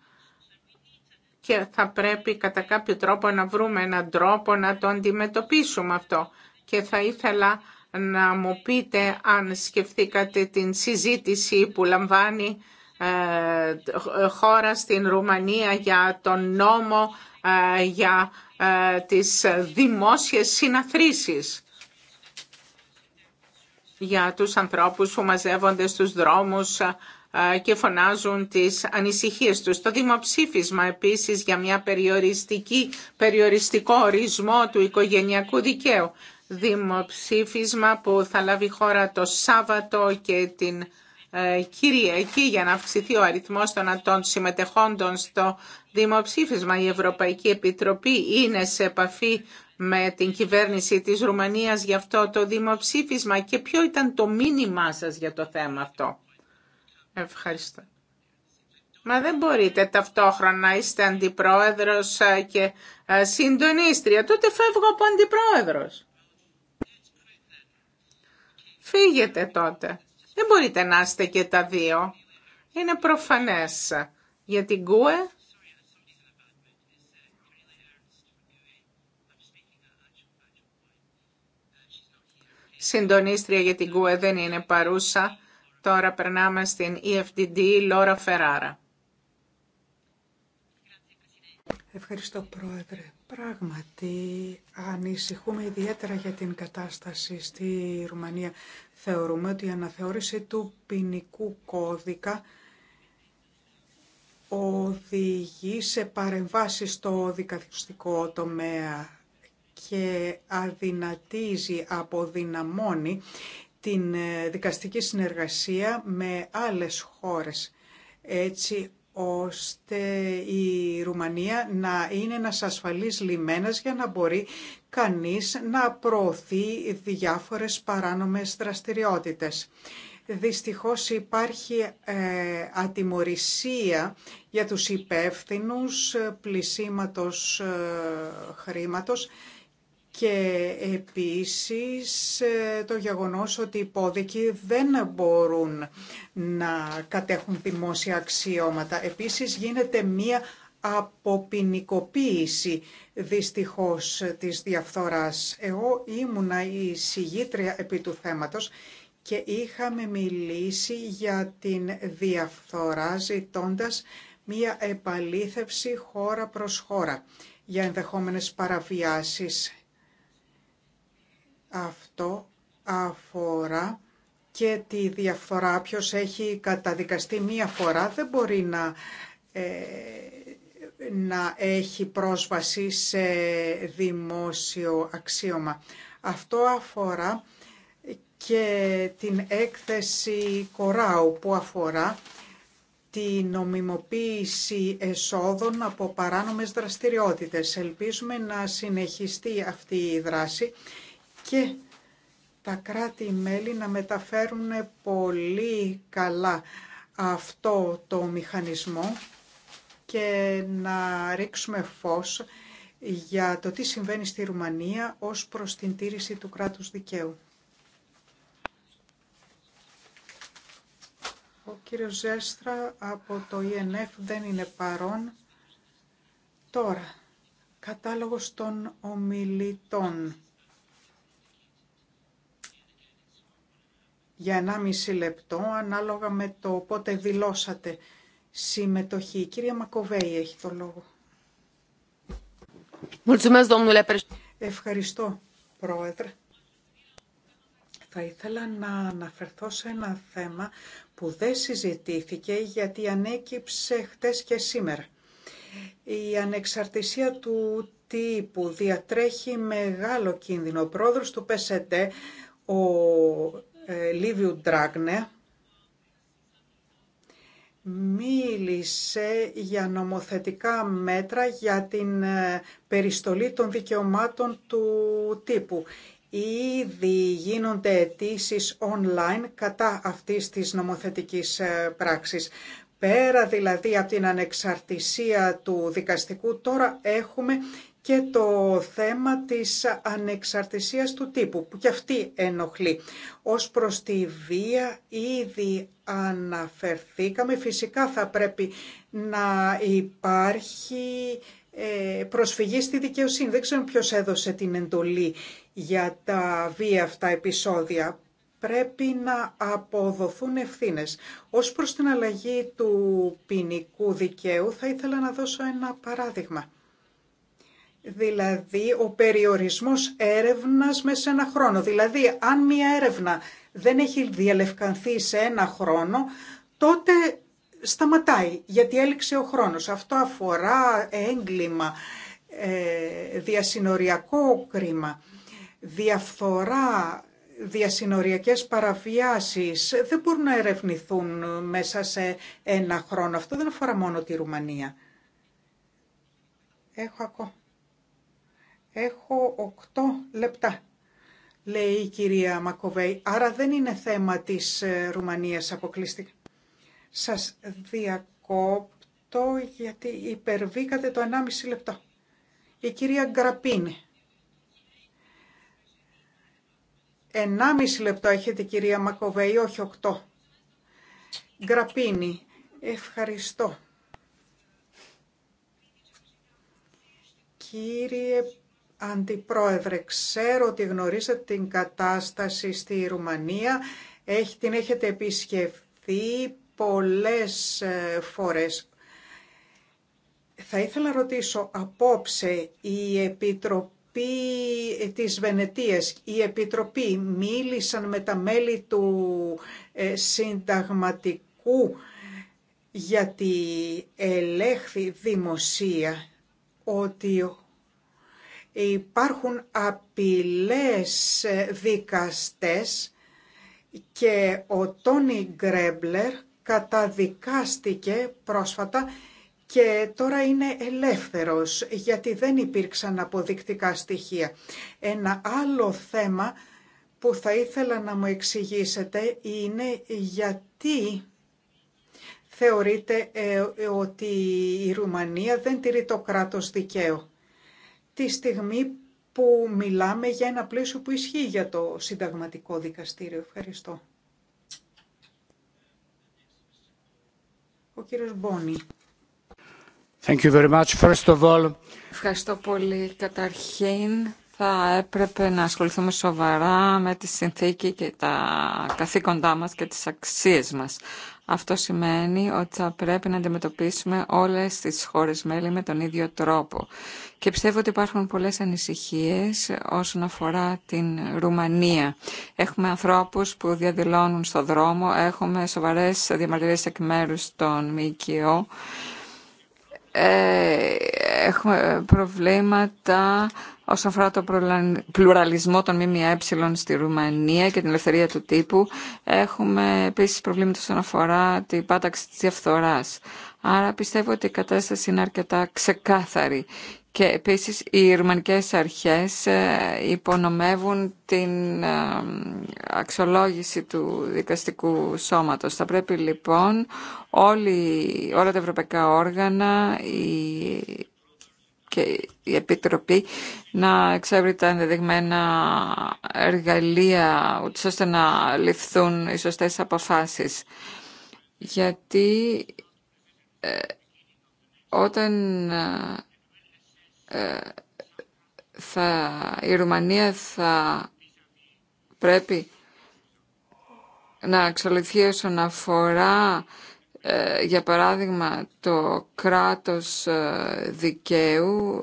και θα πρέπει κατά κάποιο τρόπο να βρούμε έναν τρόπο να το αντιμετωπίσουμε αυτό. Και θα ήθελα να μου πείτε αν σκεφτήκατε την συζήτηση που λαμβάνει ε, χώρα στην Ρουμανία για τον νόμο ε, για ε, τις δημόσιες συναθρήσεις για τους ανθρώπους που μαζεύονται στους δρόμους ε, και φωνάζουν τις ανησυχίες τους. Το δημοψήφισμα επίσης για μια περιοριστική, περιοριστικό ορισμό του οικογενειακού δικαίου. Δημοψήφισμα που θα λάβει χώρα το Σάββατο και την ε, Κυριακή για να αυξηθεί ο αριθμός των ατών συμμετεχόντων στο δημοψήφισμα. Η Ευρωπαϊκή Επιτροπή είναι σε επαφή με την κυβέρνηση της Ρουμανίας για αυτό το δημοψήφισμα και ποιο ήταν το μήνυμά σας για το θέμα αυτό. Ευχαριστώ. Μα δεν μπορείτε ταυτόχρονα να είστε αντιπρόεδρος ε, και ε, συντονίστρια. Τότε φεύγω από αντιπρόεδρος. Φύγετε τότε. Δεν μπορείτε να είστε και τα δύο. Είναι προφανές. Για την ΚΟΕ συντονίστρια για την ΚΟΕ δεν είναι παρούσα. Τώρα περνάμε στην EFDD, Λόρα Φεράρα. Ευχαριστώ
Πρόεδρε. Πράγματι, ανησυχούμε ιδιαίτερα για την κατάσταση στη Ρουμανία. Θεωρούμε ότι η αναθεώρηση του ποινικού κώδικα οδηγεί σε παρεμβάσεις στο δικαστικό τομέα και αδυνατίζει, αποδυναμώνει την ε, δικαστική συνεργασία με άλλες χώρες, έτσι ώστε η Ρουμανία να είναι ένας ασφαλής λιμένας για να μπορεί κανείς να προωθεί διάφορες παράνομες δραστηριότητες. Δυστυχώς υπάρχει ε, ατιμορρησία για τους υπεύθυνους πλησίματος ε, χρήματος και επίσης ε, το γεγονός ότι οι υπόδικοι δεν μπορούν να κατέχουν δημόσια αξιώματα. Επίσης γίνεται μία αποποινικοποίηση δυστυχώς της διαφθοράς. Εγώ ήμουνα η συγγήτρια επί του θέματος και είχαμε μιλήσει για την διαφθορά ζητώντας μία επαλήθευση χώρα προς χώρα για ενδεχόμενες παραβιάσεις αυτό αφορά και τη διαφορά Ποιος έχει καταδικαστεί μία φορά δεν μπορεί να, ε, να έχει πρόσβαση σε δημόσιο αξίωμα. Αυτό αφορά και την έκθεση Κοράου που αφορά τη νομιμοποίηση εσόδων από παράνομες δραστηριότητες. Ελπίζουμε να συνεχιστεί αυτή η δράση και τα κράτη-μέλη να μεταφέρουν πολύ καλά αυτό το μηχανισμό και να ρίξουμε φως για το τι συμβαίνει στη Ρουμανία ως προς την τήρηση του κράτους δικαίου. Ο κύριος Ζέστρα από το ΙΕΝΕΦ δεν είναι παρόν. Τώρα, κατάλογος των ομιλητών. για 1,5 λεπτό ανάλογα με το πότε δηλώσατε συμμετοχή. Η κυρία Μακοβέη έχει το λόγο. Ευχαριστώ, Πρόεδρε. Θα ήθελα να αναφερθώ σε ένα θέμα που δεν συζητήθηκε γιατί ανέκυψε χτες και σήμερα. Η ανεξαρτησία του τύπου διατρέχει μεγάλο κίνδυνο. Ο πρόεδρος του ΠΣΕΤΕ, ο ε, Λίβιου Ντράγνε, μίλησε για νομοθετικά μέτρα για την ε, περιστολή των δικαιωμάτων του τύπου. Ήδη γίνονται αιτήσει online κατά αυτής της νομοθετικής ε, πράξης. Πέρα δηλαδή από την ανεξαρτησία του δικαστικού, τώρα έχουμε και το θέμα της ανεξαρτησίας του τύπου, που και αυτή ενοχλεί. Ως προς τη βία ήδη αναφερθήκαμε. Φυσικά θα πρέπει να υπάρχει ε, προσφυγή στη δικαιοσύνη. Δεν ξέρω ποιος έδωσε την εντολή για τα βία αυτά επεισόδια. Πρέπει να αποδοθούν ευθύνες. Ως προς την αλλαγή του ποινικού δικαίου θα ήθελα να δώσω ένα παράδειγμα δηλαδή ο περιορισμός έρευνας μέσα σε ένα χρόνο. Δηλαδή, αν μία έρευνα δεν έχει διαλευκανθεί σε ένα χρόνο, τότε σταματάει, γιατί έληξε ο χρόνος. Αυτό αφορά έγκλημα, ε, διασυνοριακό κρίμα, διαφθορά, διασυνοριακές παραβιάσεις. Δεν μπορούν να ερευνηθούν μέσα σε ένα χρόνο. Αυτό δεν αφορά μόνο τη Ρουμανία. Έχω ακόμα. Έχω 8 λεπτά, λέει η κυρία Μακοβέη. Άρα δεν είναι θέμα της ε, Ρουμανίας αποκλειστικά. Σας διακόπτω γιατί υπερβήκατε το 1,5 λεπτό. Η κυρία Γκραπίνη. 1,5 λεπτό έχετε κυρία Μακοβέη, όχι 8. Γκραπίνη, ευχαριστώ. Κύριε Αντιπρόεδρε, ξέρω ότι γνωρίζετε την κατάσταση στη Ρουμανία, Έχει, την έχετε επισκεφθεί πολλές ε, φορές. Θα ήθελα να ρωτήσω, απόψε η Επιτροπή της Βενετίας, η Επιτροπή μίλησαν με τα μέλη του ε, συνταγματικού γιατί ελέγχθη δημοσία ότι υπάρχουν απειλές ε, δικαστές και ο Τόνι Γκρέμπλερ καταδικάστηκε πρόσφατα και τώρα είναι ελεύθερος γιατί δεν υπήρξαν αποδεικτικά στοιχεία. Ένα άλλο θέμα που θα ήθελα να μου εξηγήσετε είναι γιατί θεωρείτε ε, ότι η Ρουμανία δεν τηρεί το κράτος δικαίου τη στιγμή που μιλάμε για ένα πλαίσιο που ισχύει για το συνταγματικό δικαστήριο. Ευχαριστώ.
Ο κύριος Μπόνι. Thank you very much. Ευχαριστώ πολύ. Καταρχήν, θα έπρεπε να ασχοληθούμε σοβαρά με τη συνθήκη και τα καθήκοντά μας και τις αξίες μας. Αυτό σημαίνει ότι θα πρέπει να αντιμετωπίσουμε όλες τις χώρες μέλη με τον ίδιο τρόπο. Και πιστεύω ότι υπάρχουν πολλές ανησυχίες όσον αφορά την Ρουμανία. Έχουμε ανθρώπους που διαδηλώνουν στο δρόμο, έχουμε σοβαρές διαμαρτυρίες εκ μέρους των ΜΚΟ ε, έχουμε προβλήματα όσον αφορά το πλουραλισμό των ΜΜΕ στη Ρουμανία και την ελευθερία του τύπου. Έχουμε επίσης προβλήματα όσον αφορά την πάταξη της διαφθοράς. Άρα πιστεύω ότι η κατάσταση είναι αρκετά ξεκάθαρη και επίσης οι ρουμανικές αρχές ε, υπονομεύουν την ε, αξιολόγηση του δικαστικού σώματος. Θα πρέπει λοιπόν όλοι, όλα τα ευρωπαϊκά όργανα και η Επιτροπή να εξεύρει τα ενδεδειγμένα εργαλεία ώστε να ληφθούν οι σωστές αποφάσεις. Γιατί ε, όταν ε, θα, η Ρουμανία θα πρέπει να εξαλειφθεί όσον αφορά ε, για παράδειγμα το κράτος ε, δικαίου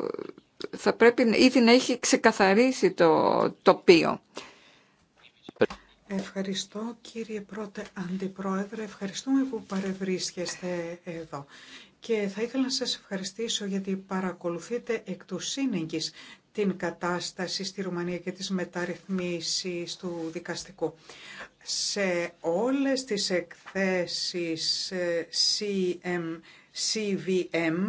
θα πρέπει ήδη να έχει ξεκαθαρίσει το τοπίο.
Ευχαριστώ κύριε πρώτε αντιπρόεδρε, ευχαριστούμε που παρευρίσκεστε εδώ και θα ήθελα να σας ευχαριστήσω γιατί παρακολουθείτε εκ του σύνεγγης την κατάσταση στη Ρουμανία και τις μεταρρυθμίσεις του δικαστικού. Σε όλες τις εκθέσεις ε, CM, CVM,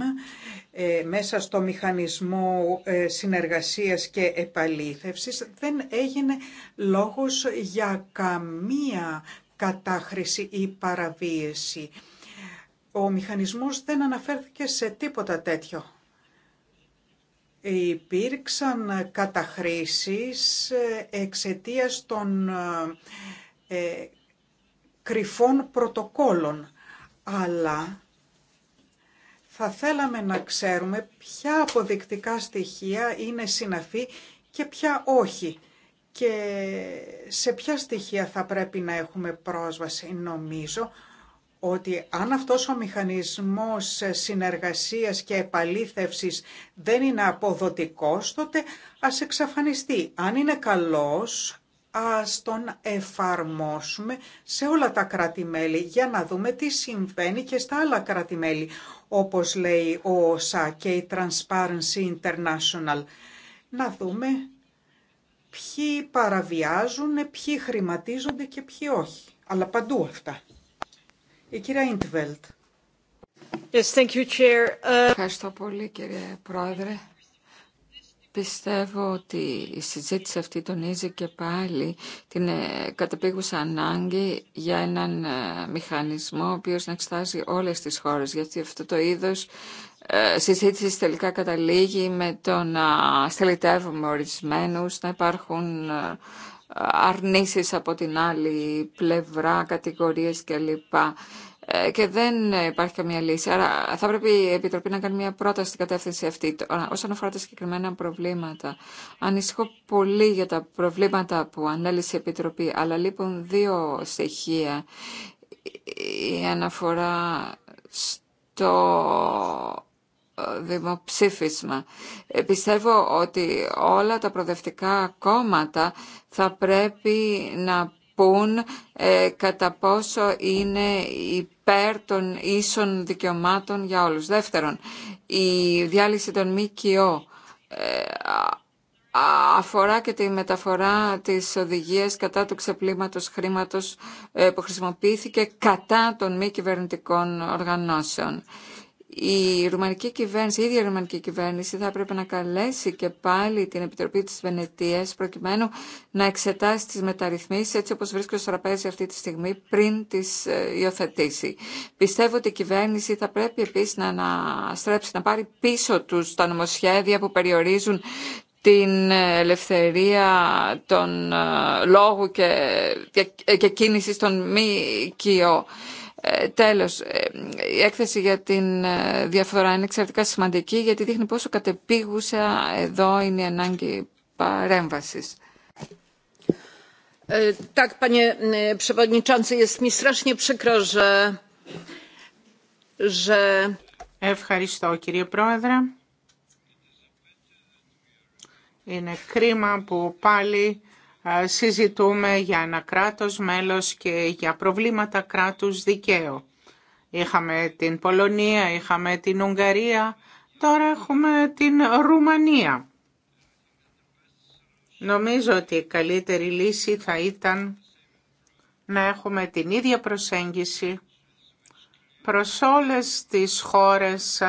ε, μέσα στο μηχανισμό ε, συνεργασίας και επαλήθευσης, δεν έγινε λόγος για καμία κατάχρηση ή παραβίαση ο μηχανισμός δεν αναφέρθηκε σε τίποτα τέτοιο. Υπήρξαν καταχρήσεις ε, εξαιτίας των ε, ε, κρυφών πρωτοκόλων, αλλά θα θέλαμε να ξέρουμε ποια αποδεικτικά στοιχεία είναι συναφή και ποια όχι και σε ποια στοιχεία θα πρέπει να έχουμε πρόσβαση. Νομίζω ότι αν αυτός ο μηχανισμός συνεργασίας και επαλήθευσης δεν είναι αποδοτικός, τότε ας εξαφανιστεί. Αν είναι καλός, ας τον εφαρμόσουμε σε όλα τα κρατη για να δούμε τι συμβαίνει και στα άλλα κράτη-μέλη, όπως λέει ο ΩΣΑ και η Transparency International. Να δούμε ποιοι παραβιάζουν, ποιοι χρηματίζονται και ποιοι όχι. Αλλά παντού αυτά. Η κυρία Ιντβέλτ.
Yes, uh, Ευχαριστώ πολύ κύριε Πρόεδρε. Πιστεύω ότι η συζήτηση αυτή τονίζει και πάλι την ε, κατεπίγουσα ανάγκη για έναν ε, μηχανισμό ο οποίος να εξετάζει όλες τις χώρες γιατί αυτό το είδος ε, συζήτηση τελικά καταλήγει με το να στελιτεύουμε ορισμένους, να υπάρχουν αρνήσεις από την άλλη πλευρά, κατηγορίες κλπ. Ε, και δεν υπάρχει καμία λύση. Άρα θα πρέπει η Επιτροπή να κάνει μια πρόταση στην κατεύθυνση αυτή. Όσον αφορά τα συγκεκριμένα προβλήματα, ανησυχώ πολύ για τα προβλήματα που ανέλησε η Επιτροπή, αλλά λείπουν δύο στοιχεία. Η αναφορά στο δημοψήφισμα. Ε, πιστεύω ότι όλα τα προοδευτικά κόμματα θα πρέπει να πούν ε, κατά πόσο είναι υπέρ των ίσων δικαιωμάτων για όλους. Δεύτερον, η διάλυση των ΜΚΟ ε, αφορά και τη μεταφορά της οδηγίας κατά του ξεπλήματος χρήματος που χρησιμοποιήθηκε κατά των μη κυβερνητικών οργανώσεων η ρουμανική κυβέρνηση, η ίδια ρουμανική κυβέρνηση θα έπρεπε να καλέσει και πάλι την Επιτροπή της Βενετίας προκειμένου να εξετάσει τις μεταρρυθμίσεις έτσι όπως βρίσκεται στο τραπέζι αυτή τη στιγμή πριν τις ε, υιοθετήσει. Πιστεύω ότι η κυβέρνηση θα πρέπει επίσης να αναστρέψει, να πάρει πίσω τους τα νομοσχέδια που περιορίζουν την ελευθερία των ε, λόγου και, και, ε, κίνησης των μη ε, τέλος, ε, η έκθεση για την ε, διαφορά είναι εξαιρετικά σημαντική γιατί δείχνει πόσο κατεπίγουσα εδώ είναι η ανάγκη παρέμβασης. Tak, panie przewodniczący, jest mi strasznie przykro,
że, Ευχαριστώ, κύριε Πρόεδρε. Είναι κρίμα που πάλι συζητούμε για ένα κράτος μέλος και για προβλήματα κράτους δικαίου. Είχαμε την Πολωνία, είχαμε την Ουγγαρία, τώρα έχουμε την Ρουμανία. Νομίζω ότι η καλύτερη λύση θα ήταν να έχουμε την ίδια προσέγγιση προς όλες τις χώρες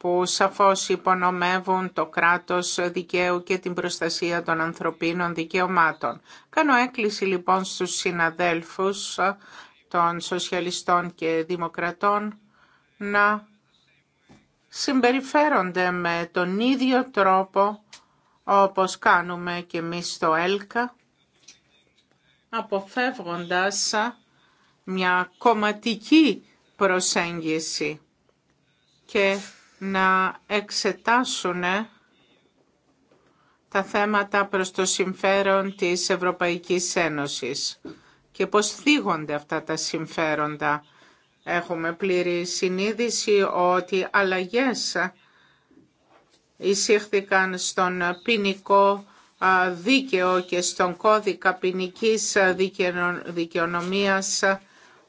που σαφώς υπονομεύουν το κράτος δικαίου και την προστασία των ανθρωπίνων δικαιωμάτων. Κάνω έκκληση λοιπόν στους συναδέλφους ε, των σοσιαλιστών και δημοκρατών να συμπεριφέρονται με τον ίδιο τρόπο όπως κάνουμε και εμείς στο ΕΛΚΑ, αποφεύγοντας ε, μια κομματική προσέγγιση και να εξετάσουν τα θέματα προς το συμφέρον της Ευρωπαϊκής Ένωσης και πώς θίγονται αυτά τα συμφέροντα. Έχουμε πλήρη συνείδηση ότι αλλαγές εισήχθηκαν στον ποινικό δίκαιο και στον κώδικα ποινικής δικαιονομίας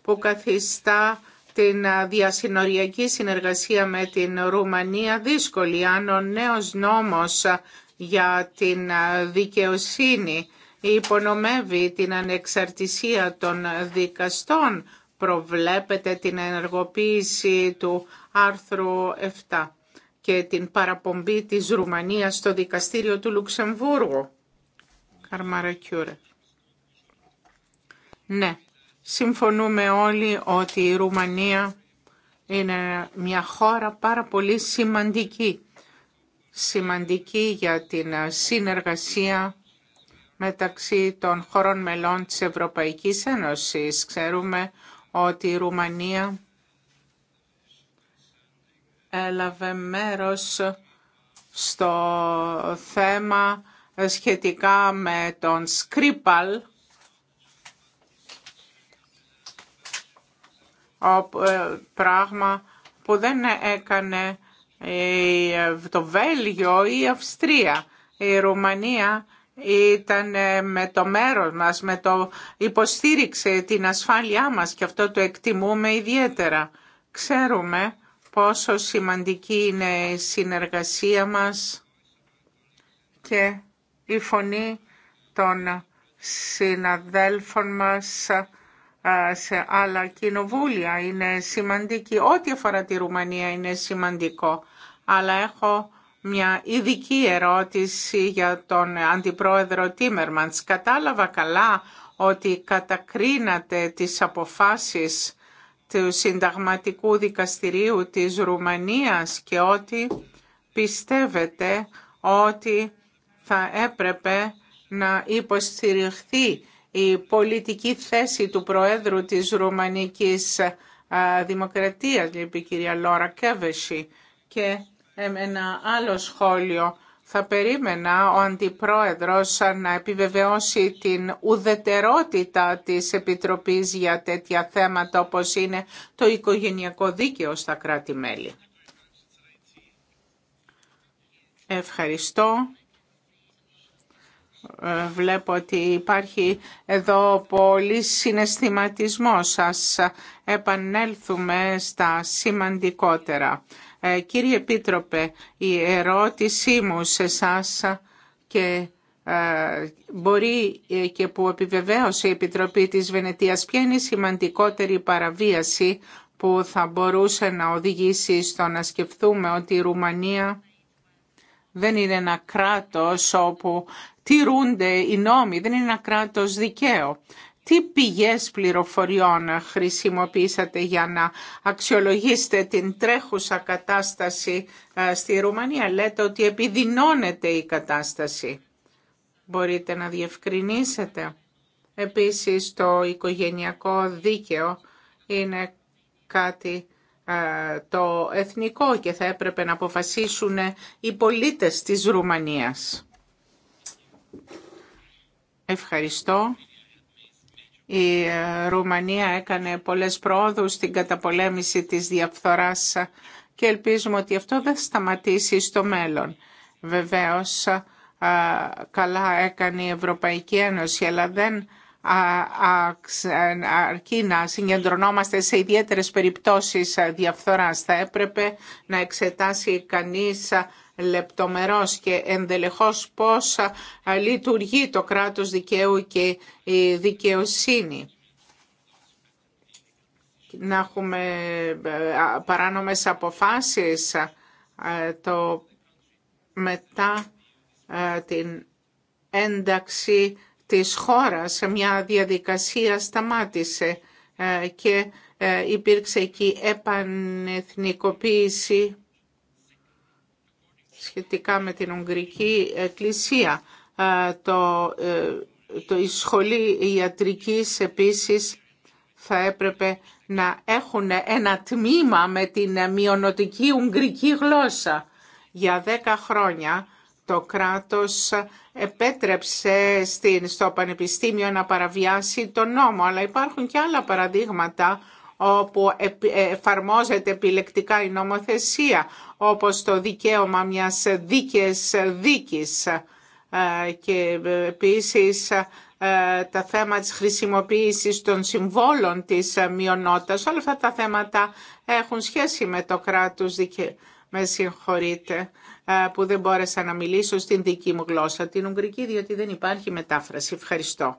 που καθιστά την διασυνοριακή συνεργασία με την Ρουμανία δύσκολη αν ο νέος νόμος για την δικαιοσύνη υπονομεύει την ανεξαρτησία των δικαστών προβλέπεται την ενεργοποίηση του άρθρου 7 και την παραπομπή της Ρουμανίας στο δικαστήριο του Λουξεμβούργου. Καρμαρακιούρε. Ναι, Συμφωνούμε όλοι ότι η Ρουμανία είναι μια χώρα πάρα πολύ σημαντική. Σημαντική για την συνεργασία μεταξύ των χωρών μελών της Ευρωπαϊκής Ένωσης. Ξέρουμε ότι η Ρουμανία έλαβε μέρος στο θέμα σχετικά με τον Σκρίπαλ Ε, πράγμα που δεν έκανε το Βέλγιο ή η Αυστρία. Η Ρουμανία ήταν ε, με το μέρος μας, με το υποστήριξε την ασφάλειά μας και αυτό το εκτιμούμε ιδιαίτερα. Ξέρουμε πόσο σημαντική είναι η συνεργασία μας και η φωνή των συναδέλφων μας σε άλλα κοινοβούλια είναι σημαντική. Ό,τι αφορά τη Ρουμανία είναι σημαντικό. Αλλά έχω μια ειδική ερώτηση για τον Αντιπρόεδρο Τίμερμαντς. Κατάλαβα καλά ότι κατακρίνατε τις αποφάσεις του Συνταγματικού Δικαστηρίου της Ρουμανίας και ότι πιστεύετε ότι θα έπρεπε να υποστηριχθεί η πολιτική θέση του Προέδρου της Ρουμανικής Δημοκρατίας, λέει η κυρία Λόρα Κέβεση. Και ε, ένα άλλο σχόλιο. Θα περίμενα ο Αντιπρόεδρος να επιβεβαιώσει την ουδετερότητα της Επιτροπής για τέτοια θέματα όπως είναι το οικογενειακό δίκαιο στα κράτη-μέλη. Ευχαριστώ. Ε, βλέπω ότι υπάρχει εδώ πολύ συναισθηματισμό. Σας επανέλθουμε στα σημαντικότερα. Ε, κύριε Επίτροπε, η ερώτησή μου σε σας και ε, μπορεί και που επιβεβαίωσε η Επιτροπή της Βενετίας ποια είναι η σημαντικότερη παραβίαση που θα μπορούσε να οδηγήσει στο να σκεφτούμε ότι η Ρουμανία δεν είναι ένα κράτος όπου τηρούνται οι νόμοι, δεν είναι ένα κράτος δικαίο. Τι πηγές πληροφοριών χρησιμοποιήσατε για να αξιολογήσετε την τρέχουσα κατάσταση ε, στη Ρουμανία. Λέτε ότι επιδεινώνεται η κατάσταση. Μπορείτε να διευκρινίσετε. Επίσης το οικογενειακό δίκαιο είναι κάτι ε, το εθνικό και θα έπρεπε να αποφασίσουν οι πολίτες της Ρουμανίας. Ευχαριστώ. Η ε, Ρουμανία έκανε πολλές πρόοδους στην καταπολέμηση της διαφθοράς και ελπίζουμε ότι αυτό δεν σταματήσει στο μέλλον. Βεβαίως, καλά έκανε η Ευρωπαϊκή Ένωση, αλλά δεν αρκεί να συγκεντρωνόμαστε σε ιδιαίτερες περιπτώσεις διαφθοράς. Θα έπρεπε να εξετάσει κανείς λεπτομερώς και ενδελεχώς πώς λειτουργεί το κράτος δικαίου και η δικαιοσύνη. Να έχουμε ε, παράνομες αποφάσεις ε, το μετά ε, την ένταξη της χώρας. Μια διαδικασία σταμάτησε και υπήρξε εκεί επανεθνικοποίηση σχετικά με την Ουγγρική Εκκλησία. Ε, το, ε, το, η σχολή ιατρικής επίσης θα έπρεπε να έχουν ένα τμήμα με την μειονοτική Ουγγρική γλώσσα. Για δέκα χρόνια το κράτος επέτρεψε στην, στο Πανεπιστήμιο να παραβιάσει τον νόμο, αλλά υπάρχουν και άλλα παραδείγματα όπου ε, εφαρμόζεται επιλεκτικά η νομοθεσία, όπως το δικαίωμα μιας δίκαιης δίκης ε, και επίσης ε, τα θέματα της χρησιμοποίησης των συμβόλων της μειονότητας. Όλα αυτά τα θέματα έχουν σχέση με το κράτος δικαίου. Με συγχωρείτε ε, που δεν μπόρεσα να μιλήσω στην δική μου γλώσσα, την Ουγγρική, διότι δεν υπάρχει μετάφραση. Ευχαριστώ.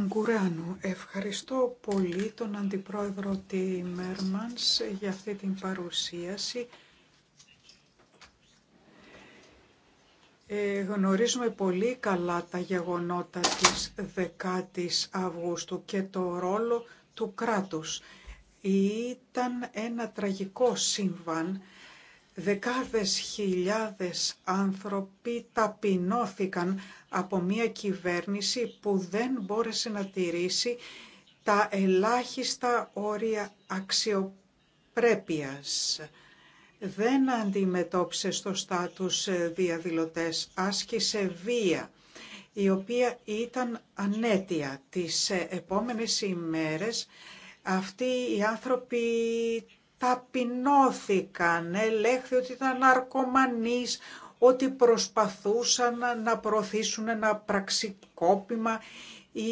Γκουράνου. Ευχαριστώ πολύ τον Αντιπρόεδρο Μέρμανς για αυτή την παρουσίαση. Ε, γνωρίζουμε πολύ καλά τα γεγονότα της 10ης Αυγούστου και το ρόλο του κράτους. Ήταν ένα τραγικό σύμβαν Δεκάδες χιλιάδες άνθρωποι ταπεινώθηκαν από μια κυβέρνηση που δεν μπόρεσε να τηρήσει τα ελάχιστα όρια αξιοπρέπειας. Δεν αντιμετώπισε στο στάτους διαδηλωτές, άσκησε βία η οποία ήταν ανέτεια. Τις επόμενες ημέρες αυτοί οι άνθρωποι ταπεινώθηκαν, ελέγχθη ότι ήταν αρκομανείς, ότι προσπαθούσαν να προωθήσουν ένα πραξικόπημα ή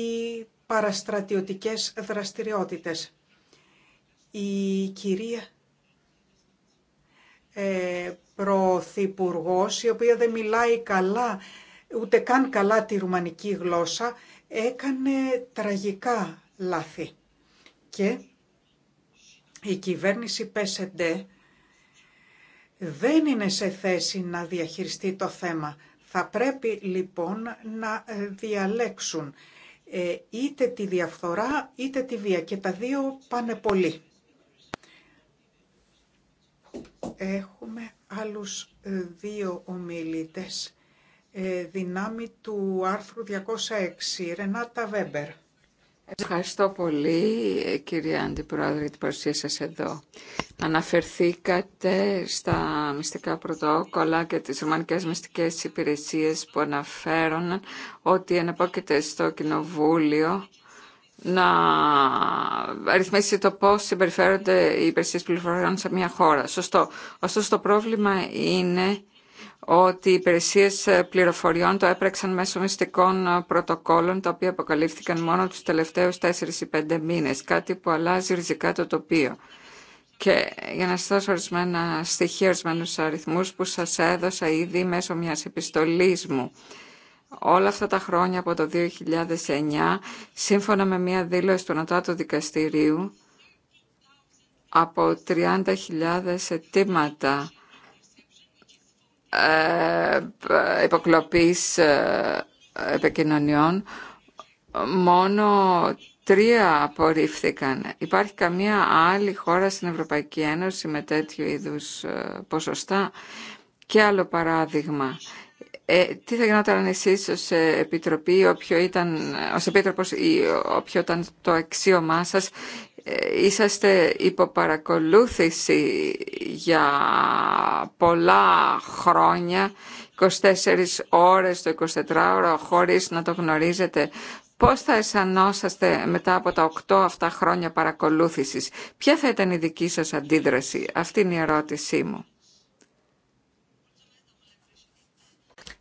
παραστρατιωτικές δραστηριότητες. Η κυρία ε, Πρωθυπουργός, η οποία δεν μιλάει καλά, ούτε καν καλά τη ρουμανική γλώσσα, έκανε τραγικά λάθη. Και η κυβέρνηση ΠΕΣΕΝΤΕ δεν είναι σε θέση να διαχειριστεί το θέμα. Θα πρέπει λοιπόν να ε, διαλέξουν ε, είτε τη διαφθορά είτε τη βία και τα δύο πάνε πολύ. Έχουμε άλλους ε, δύο ομιλητές δυνάμει του άρθρου 206, Ρενάτα Βέμπερ.
Ευχαριστώ πολύ κύριε Αντιπρόεδρε για την παρουσία σας εδώ. Αναφερθήκατε στα μυστικά πρωτόκολλα και τις ρουμανικές μυστικές υπηρεσίες που αναφέρονταν ότι εναπόκειται στο Κοινοβούλιο να ρυθμίσει το πώς συμπεριφέρονται οι υπηρεσίες πληροφοριών σε μια χώρα. Σωστό. Ωστόσο το πρόβλημα είναι ότι οι υπηρεσίε πληροφοριών το έπρεξαν μέσω μυστικών πρωτοκόλων, τα οποία αποκαλύφθηκαν μόνο του τελευταίους 4 ή 5 μήνε, κάτι που αλλάζει ριζικά το τοπίο. Και για να σα δώσω ορισμένα στοιχεία, ορισμένου αριθμού που σα έδωσα ήδη μέσω μια επιστολή μου. Όλα αυτά τα χρόνια από το 2009, σύμφωνα με μια δήλωση του Νοτάτου Δικαστηρίου, από 30.000 αιτήματα ε, υποκλοπής ε, επικοινωνιών μόνο τρία απορρίφθηκαν. Υπάρχει καμία άλλη χώρα στην Ευρωπαϊκή Ένωση με τέτοιου είδους ε, ποσοστά. Και άλλο παράδειγμα. τι θα γινόταν εσείς ως Επιτροπή, όποιο ήταν, ή όποιο ήταν το αξίωμά σας ε, είσαστε υπό παρακολούθηση για πολλά χρόνια, 24 ώρες το 24ωρο, χωρίς να το γνωρίζετε. Πώς θα αισθανόσαστε μετά από τα 8 αυτά χρόνια παρακολούθησης. Ποια θα ήταν η δική σας αντίδραση. Αυτή είναι η ερώτησή μου.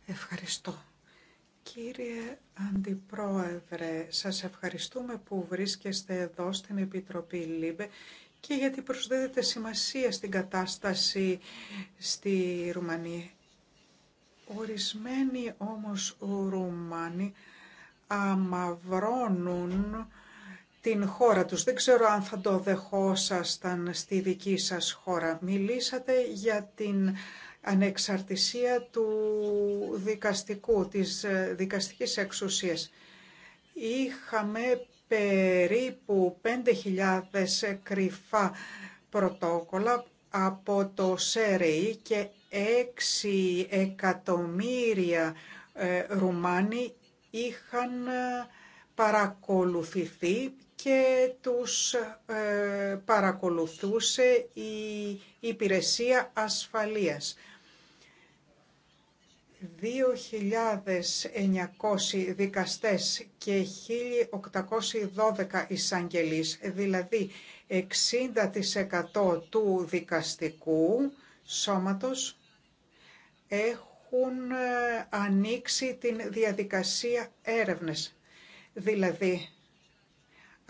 Ευχαριστώ.
Κύριε Αντιπρόεδρε, σας ευχαριστούμε που βρίσκεστε εδώ στην Επιτροπή ΛΥΜΠΕ και γιατί προσδέτετε σημασία στην κατάσταση στη Ρουμανία. Ορισμένοι όμως Ρουμάνοι αμαυρώνουν την χώρα τους. Δεν ξέρω αν θα το δεχόσασταν στη δική σας χώρα. Μιλήσατε για την ανεξαρτησία του δικαστικού, της ε, δικαστικής εξουσίας. Είχαμε περίπου 5.000 κρυφά πρωτόκολλα από το ΣΕΡΕΙ και 6 εκατομμύρια ε, Ρουμάνοι είχαν ε, παρακολουθηθεί και τους ε, παρακολουθούσε η Υπηρεσία Ασφαλείας. 2.900 δικαστές και 1.812 εισαγγελείς, δηλαδή 60% του δικαστικού σώματος έχουν ε, ανοίξει την διαδικασία έρευνες. Δηλαδή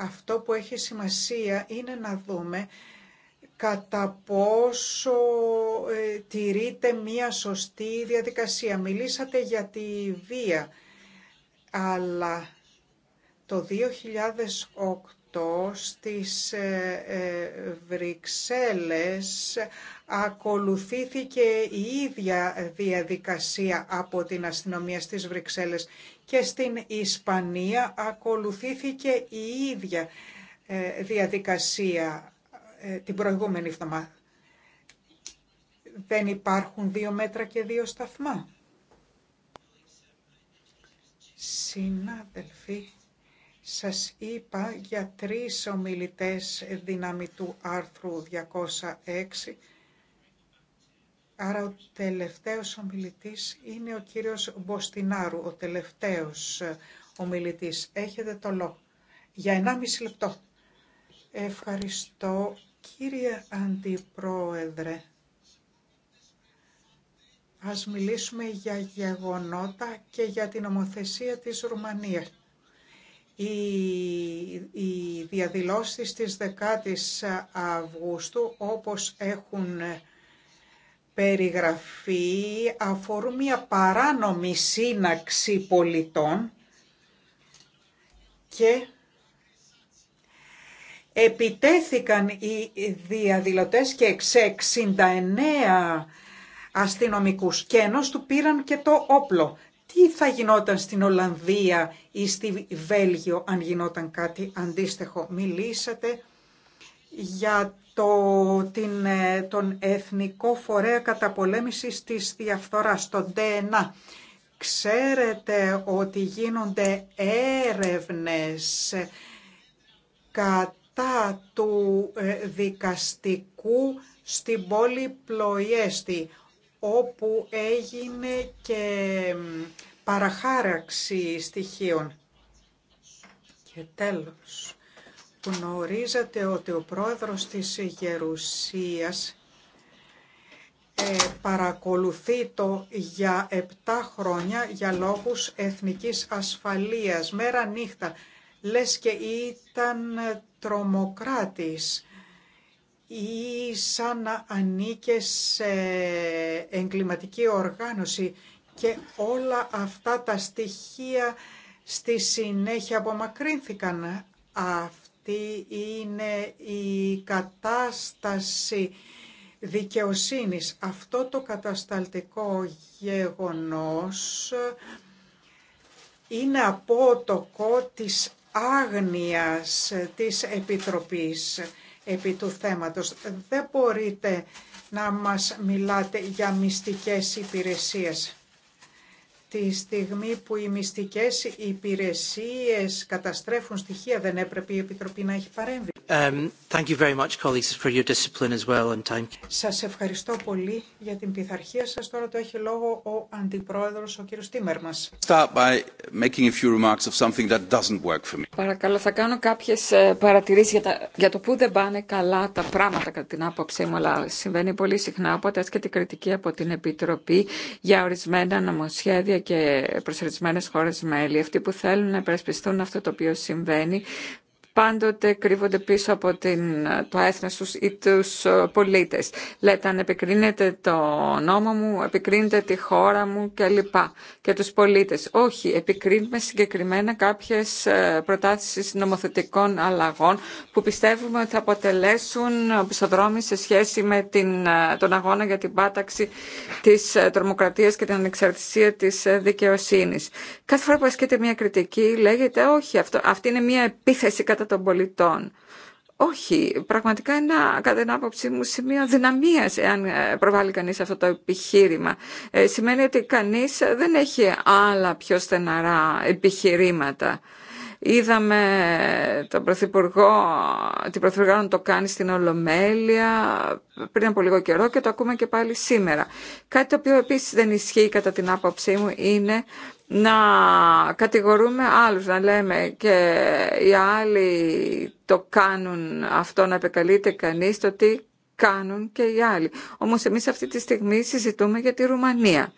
αυτό που έχει σημασία είναι να δούμε κατά πόσο ε, τηρείται μία σωστή διαδικασία. Μιλήσατε για τη βία, αλλά το 2008 στις ε, ε, Βρυξέλλες ακολουθήθηκε η ίδια διαδικασία από την αστυνομία στις Βρυξέλλες και στην Ισπανία ακολουθήθηκε η ίδια ε, διαδικασία ε, την προηγούμενη εβδομάδα. Δεν υπάρχουν δύο μέτρα και δύο σταθμά. Συνάδελφοι, σας είπα για τρεις ομιλητές δύναμη άρθρου 206 Άρα ο τελευταίος ομιλητής είναι ο κύριος Μποστινάρου, ο τελευταίος ε, ομιλητής. Έχετε το λόγο. Για 1,5 λεπτό. Ευχαριστώ κύριε Αντιπρόεδρε. Ας μιλήσουμε για γεγονότα και για την ομοθεσία της Ρουμανίας. Οι, οι διαδηλώσεις της 10 Αυγούστου, όπως έχουν περιγραφή αφορούν μια παράνομη σύναξη πολιτών και επιτέθηκαν οι διαδηλωτές και 69 αστυνομικούς και ενός του πήραν και το όπλο. Τι θα γινόταν στην Ολλανδία ή στη Βέλγιο αν γινόταν κάτι αντίστοιχο. Μιλήσατε για την, ε, τον Εθνικό Φορέα Καταπολέμησης της Διαφθοράς, τον ΤΕΝΑ. Ξέρετε ότι γίνονται έρευνες κατά του ε, δικαστικού στην πόλη Πλοϊέστη, όπου έγινε και παραχάραξη στοιχείων. Και τέλος. Γνωρίζετε ότι ο πρόεδρος της Γερουσίας ε, παρακολουθεί το για 7 χρόνια για λόγους εθνικής ασφαλείας, μέρα νύχτα. Λες και ήταν τρομοκράτης ή σαν να ανήκε σε εγκληματική οργάνωση και όλα αυτά τα στοιχεία στη συνέχεια απομακρύνθηκαν τι είναι η κατάσταση δικαιοσύνης. Αυτό το κατασταλτικό γεγονός είναι απότοκο της άγνοιας της Επιτροπής επί του θέματος. Δεν μπορείτε να μας μιλάτε για μυστικές υπηρεσίες. Τη στιγμή που οι μυστικές υπηρεσίες καταστρέφουν στοιχεία δεν έπρεπε η Επιτροπή να έχει παρέμβει. Thank Σας ευχαριστώ πολύ για την πειθαρχία σας. Τώρα το έχει λόγο ο Αντιπρόεδρος, ο κύριος Τίμερμας.
Start
Παρακαλώ, θα κάνω κάποιες ε, παρατηρήσεις για, το που δεν πάνε καλά τα πράγματα κατά την άποψή μου, αλλά συμβαίνει πολύ συχνά, οπότε και την κριτική από την Επιτροπή για ορισμένα νομοσχέδια και προσωρισμένες χώρες μέλη. Αυτοί που θέλουν να υπερασπιστούν αυτό το οποίο συμβαίνει πάντοτε κρύβονται πίσω από την, το έθνος τους ή τους ε, πολίτες. Λέτε αν επικρίνεται το νόμο μου, επικρίνεται τη χώρα μου κλπ. Και τους πολίτες. Όχι, επικρίνουμε συγκεκριμένα κάποιες ε, προτάσεις νομοθετικών αλλαγών που πιστεύουμε ότι θα αποτελέσουν πισοδρόμοι σε σχέση με την, ε, τον αγώνα για την πάταξη της τρομοκρατίας και την ανεξαρτησία της δικαιοσύνης. Κάθε φορά που ασκείται μια κριτική λέγεται όχι, αυτή είναι μια επίθεση κατά των πολιτών. Όχι, πραγματικά είναι κατά την άποψή μου σημείο δυναμίας εάν ε, προβάλλει κανείς αυτό το επιχείρημα. Ε, σημαίνει ότι κανείς δεν έχει άλλα πιο στεναρά επιχειρήματα. Είδαμε τον Πρωθυπουργό, την Πρωθυπουργά να το κάνει στην Ολομέλεια πριν από λίγο καιρό και το ακούμε και πάλι σήμερα. Κάτι το οποίο επίσης δεν ισχύει κατά την άποψή μου είναι να κατηγορούμε άλλους, να λέμε και οι άλλοι το κάνουν αυτό, να επεκαλείται κανείς το τι κάνουν και οι άλλοι. Όμως εμείς αυτή τη στιγμή συζητούμε για τη Ρουμανία.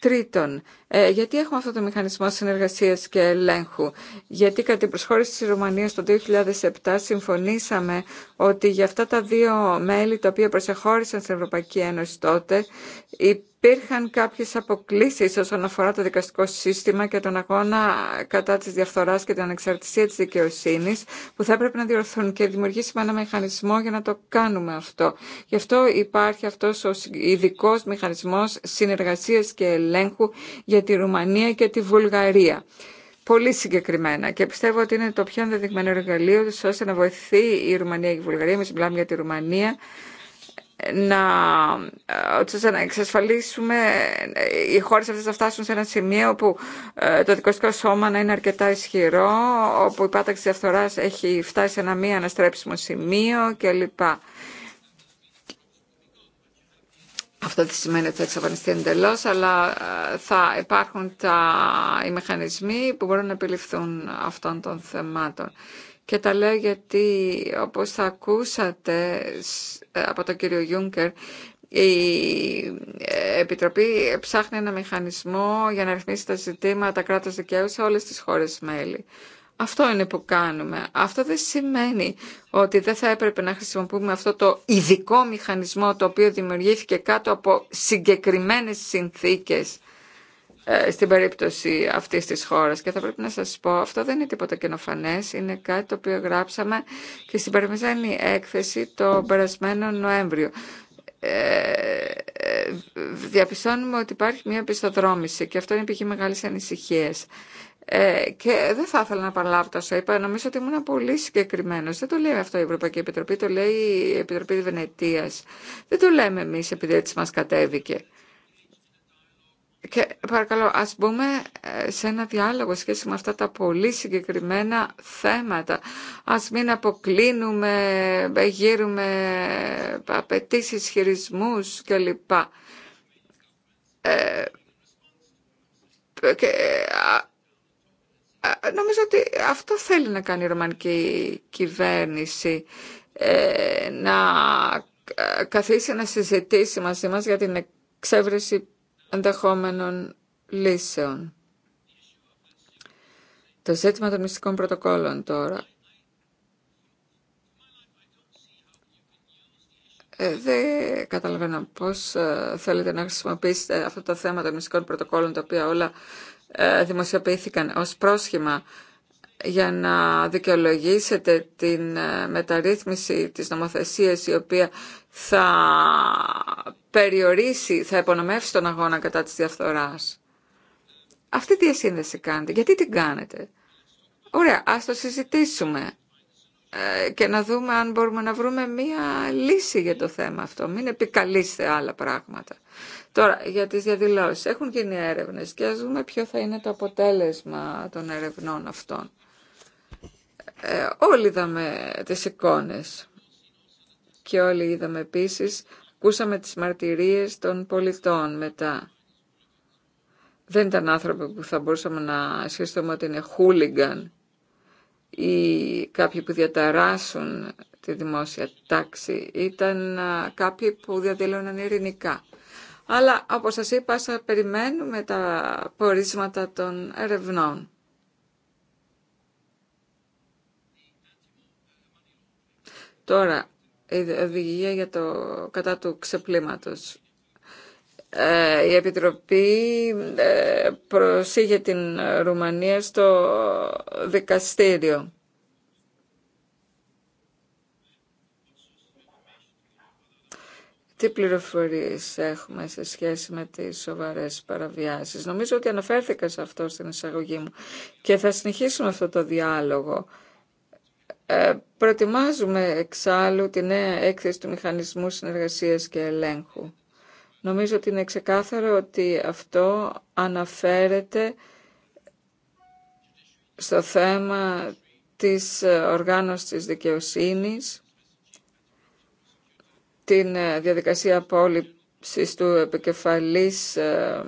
Τρίτον, ε, γιατί έχουμε αυτό το μηχανισμό συνεργασίας και ελέγχου. Γιατί κατά την προσχώρηση της Ρουμανίας το 2007 συμφωνήσαμε ότι για αυτά τα δύο μέλη τα οποία προσεχώρησαν στην Ευρωπαϊκή Ένωση τότε υπήρχαν κάποιες αποκλήσεις όσον αφορά το δικαστικό σύστημα και τον αγώνα κατά της διαφθοράς και την ανεξαρτησία της δικαιοσύνης που θα έπρεπε να διορθούν και δημιουργήσουμε ένα μηχανισμό για να το κάνουμε αυτό. Γι' αυτό υπάρχει αυτός ο ειδικό μηχανισμός συνεργασίας και ελέγχου για τη Ρουμανία και τη Βουλγαρία πολύ συγκεκριμένα και πιστεύω ότι είναι το πιο ενδεδειγμένο εργαλείο ώστε να βοηθεί η Ρουμανία και η Βουλγαρία. Εμεί μιλάμε για τη Ρουμανία να, ε, να εξασφαλίσουμε ε, οι χώρες αυτές να φτάσουν σε ένα σημείο που ε, το δικοστικό σώμα να είναι αρκετά ισχυρό, όπου η πάταξη τη έχει φτάσει σε ένα μη αναστρέψιμο σημείο κλπ. Αυτό δεν σημαίνει ότι θα εξαφανιστεί εντελώ, αλλά θα υπάρχουν τα, οι μηχανισμοί που μπορούν να επιληφθούν αυτών των θεμάτων. Και τα λέω γιατί, όπως θα ακούσατε ε, από τον κύριο Γιούγκερ, η ε, Επιτροπή ψάχνει ένα μηχανισμό για να ρυθμίσει τα ζητήματα κράτος δικαίου σε όλες τις χώρες μέλη. Αυτό είναι που κάνουμε. Αυτό δεν σημαίνει ότι δεν θα έπρεπε να χρησιμοποιούμε αυτό το ειδικό μηχανισμό το οποίο δημιουργήθηκε κάτω από συγκεκριμένες συνθήκες ε, στην περίπτωση αυτής της χώρας. Και θα πρέπει να σας πω, αυτό δεν είναι τίποτα καινοφανές, είναι κάτι το οποίο γράψαμε και στην παρεμιζάνη έκθεση το περασμένο Νοέμβριο. Ε, ε, διαπιστώνουμε ότι υπάρχει μια πιστοδρόμηση και αυτό είναι πηγή μεγάλης ανησυχίας. Ε, και δεν θα ήθελα να παραλάβω τα είπα. Νομίζω ότι ήμουν πολύ συγκεκριμένο. Δεν το λέει αυτό η Ευρωπαϊκή Επιτροπή, το λέει η Επιτροπή της Βενετία. Δεν το λέμε εμεί επειδή έτσι μα κατέβηκε. Και παρακαλώ, ας μπούμε ε, σε ένα διάλογο σχέση με αυτά τα πολύ συγκεκριμένα θέματα. Ας μην αποκλίνουμε, ε, γύρουμε ε, απαιτήσει χειρισμού κλπ. και, νομίζω ότι αυτό θέλει να κάνει η ρωμανική κυβέρνηση. να καθίσει να συζητήσει μαζί μας για την εξέβρεση ενδεχόμενων λύσεων. Το ζήτημα των μυστικών πρωτοκόλων τώρα. Ε, δεν καταλαβαίνω πώς ε, θέλετε να χρησιμοποιήσετε αυτό το θέμα των μυστικών πρωτοκόλων, τα οποία όλα ε, δημοσιοποιήθηκαν ως πρόσχημα για να δικαιολογήσετε την ε, μεταρρύθμιση της νομοθεσίας η οποία θα περιορίσει, θα υπονομεύσει τον αγώνα κατά της διαφθοράς. Αυτή τη σύνδεση κάνετε. Γιατί την κάνετε. Ωραία, ας το συζητήσουμε ε, και να δούμε αν μπορούμε να βρούμε μία λύση για το θέμα αυτό. Μην επικαλείστε άλλα πράγματα. Τώρα, για τις διαδηλώσεις. Έχουν γίνει έρευνες και ας δούμε ποιο θα είναι το αποτέλεσμα των ερευνών αυτών. Ε, όλοι είδαμε τις εικόνες και όλοι είδαμε επίσης, ακούσαμε τις μαρτυρίες των πολιτών μετά. Δεν ήταν άνθρωποι που θα μπορούσαμε να σχέσουμε ότι είναι χούλιγκαν ή κάποιοι που διαταράσουν τη δημόσια τάξη. Ήταν κάποιοι που διαδήλωναν ειρηνικά. Αλλά, όπως σας είπα, περιμένουμε τα πορίσματα των ερευνών. Τώρα, η οδηγία για το κατά του ξεπλήματος. Ε, η Επιτροπή ε, την Ρουμανία στο δικαστήριο. Τι πληροφορίες έχουμε σε σχέση με τις σοβαρές παραβιάσεις. Νομίζω ότι αναφέρθηκα σε αυτό στην εισαγωγή μου και θα συνεχίσουμε αυτό το διάλογο ε, προετοιμάζουμε εξάλλου τη νέα έκθεση του Μηχανισμού Συνεργασίας και Ελέγχου. Νομίζω ότι είναι ξεκάθαρο ότι αυτό αναφέρεται στο θέμα της ε, οργάνωσης δικαιοσύνης, την ε, διαδικασία απόλυψης του επικεφαλής ε,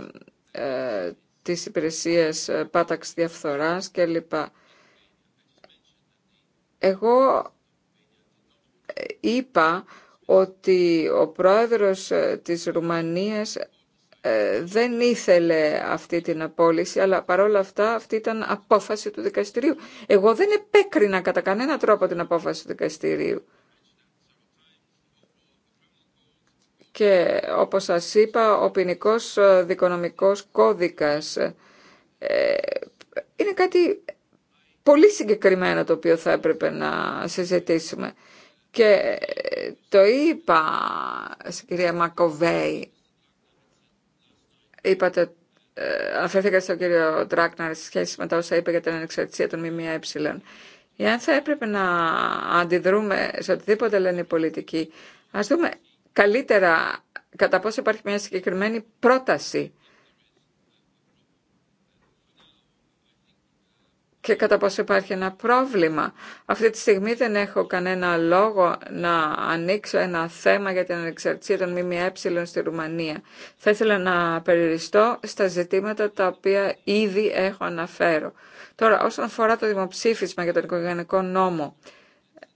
ε, της υπηρεσίας πάταξης διαφθοράς κλπ. Εγώ είπα ότι ο πρόεδρος της Ρουμανίας ε, δεν ήθελε αυτή την απόλυση, αλλά παρόλα αυτά αυτή ήταν απόφαση του δικαστηρίου. Εγώ δεν επέκρινα κατά κανένα τρόπο την απόφαση του δικαστηρίου. Και όπως σας είπα, ο ποινικό ε, δικονομικός κώδικας ε, είναι κάτι πολύ συγκεκριμένο το οποίο θα έπρεπε να συζητήσουμε. Και ε, το είπα στην κυρία Μακοβέη, είπατε, ε, στον κύριο Τράκναρ σε σχέση με τα όσα είπε για την ανεξαρτησία των ΜΜΕ. Εάν θα έπρεπε να αντιδρούμε σε οτιδήποτε λένε οι πολιτικοί, ας δούμε καλύτερα κατά πόσο υπάρχει μια συγκεκριμένη πρόταση και κατά πόσο υπάρχει ένα πρόβλημα. Αυτή τη στιγμή δεν έχω κανένα λόγο να ανοίξω ένα θέμα για την ανεξαρτησία των ΜΜΕ στη Ρουμανία. Θα ήθελα να περιοριστώ στα ζητήματα τα οποία ήδη έχω αναφέρω. Τώρα, όσον αφορά το δημοψήφισμα για τον οικογενειακό νόμο,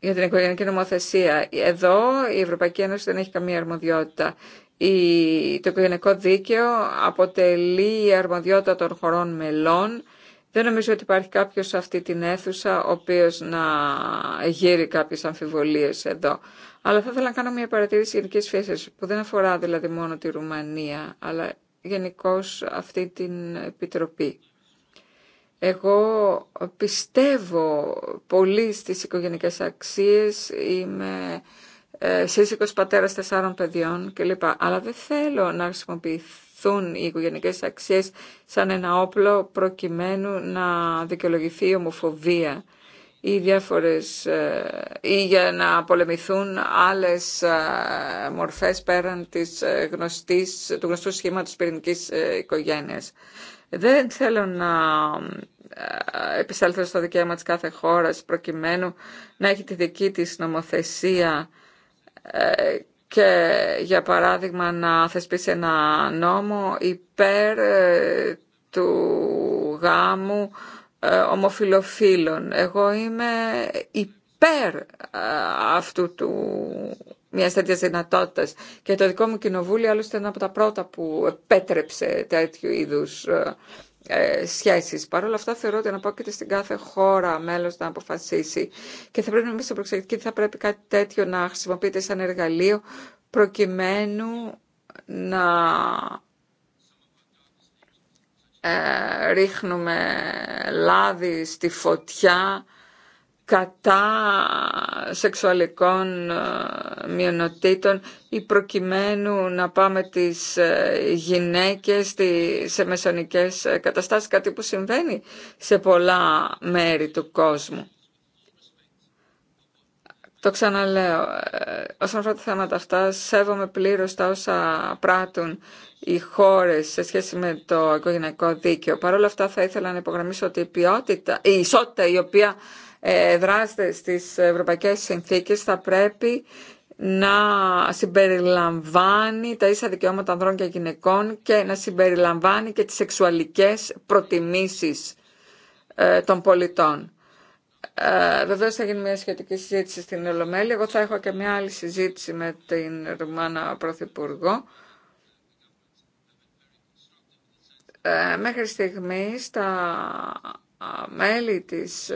για την οικογενειακή νομοθεσία, εδώ η Ευρωπαϊκή Ένωση δεν έχει καμία αρμοδιότητα. Η, το οικογενειακό δίκαιο αποτελεί η αρμοδιότητα των χωρών μελών δεν νομίζω ότι υπάρχει κάποιος σε αυτή την αίθουσα ο οποίος να γύρει κάποιες αμφιβολίες εδώ. Αλλά θα ήθελα να κάνω μια παρατήρηση γενική φύσης που δεν αφορά δηλαδή μόνο τη Ρουμανία, αλλά γενικώ αυτή την επιτροπή. Εγώ πιστεύω πολύ στις οικογενικές αξίες, είμαι ε, σύζυγος πατέρας τεσσάρων παιδιών κλπ. Αλλά δεν θέλω να χρησιμοποιηθεί χρησιμοποιηθούν οι οικογενειακές αξίες σαν ένα όπλο προκειμένου να δικαιολογηθεί η ομοφοβία ή, διάφορες, ε, ή για να πολεμηθούν άλλες ε, μορφές πέραν της ε, γνωστής, του γνωστού σχήματος πυρηνική οικογένεια. Δεν θέλω να επισέλθω στο δικαίωμα της κάθε χώρας προκειμένου να έχει τη δική της νομοθεσία και για παράδειγμα να θεσπίσει ένα νόμο υπέρ ε, του γάμου ε, ομοφιλοφίλων. Εγώ είμαι υπέρ ε, αυτού του μια τέτοια δυνατότητα. Και το δικό μου κοινοβούλιο άλλωστε είναι από τα πρώτα που επέτρεψε τέτοιου είδου ε, σχέσεις. Παρ' όλα αυτά θεωρώ ότι αναπόκειται στην κάθε χώρα μέλος να αποφασίσει και θα πρέπει να είμαστε προσεκτικοί ότι θα πρέπει κάτι τέτοιο να χρησιμοποιείται σαν εργαλείο προκειμένου να ε, ρίχνουμε λάδι στη φωτιά κατά σεξουαλικών ε, μειονοτήτων ή προκειμένου να πάμε τις ε, γυναίκες σε μεσονικές ε, καταστάσεις, κάτι που συμβαίνει σε πολλά μέρη του κόσμου. Το ξαναλέω, όσον αφορά τα θέματα αυτά, σέβομαι πλήρως τα όσα πράττουν οι χώρες σε σχέση με το οικογενειακό δίκαιο. Παρ' όλα αυτά θα ήθελα να υπογραμμίσω ότι η, η ισότητα η οποία ε, δράστες στις ευρωπαϊκές συνθήκες θα πρέπει να συμπεριλαμβάνει τα ίσα δικαιώματα ανδρών και γυναικών και να συμπεριλαμβάνει και τις σεξουαλικές προτιμήσεις ε, των πολιτών. Ε, Βεβαίω θα γίνει μια σχετική συζήτηση στην Ολομέλη. Εγώ θα έχω και μια άλλη συζήτηση με την Ρουμάνα Πρωθυπουργό. Ε, μέχρι στιγμής τα μέλη ε, της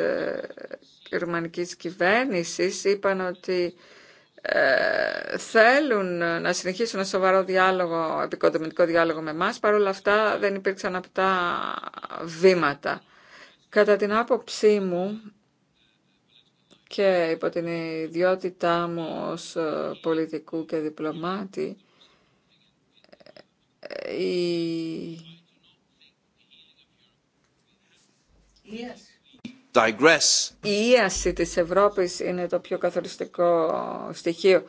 ρουμανικής κυβέρνησης είπαν ότι ε, θέλουν να συνεχίσουν ένα σοβαρό διάλογο, επικοδομητικό διάλογο με εμάς, παρόλα αυτά δεν υπήρξαν αυτά βήματα. Κατά την άποψή μου και υπό την ιδιότητά μου ως ε, πολιτικού και διπλωμάτη, η Η ίαση της Ευρώπης είναι το πιο καθοριστικό στοιχείο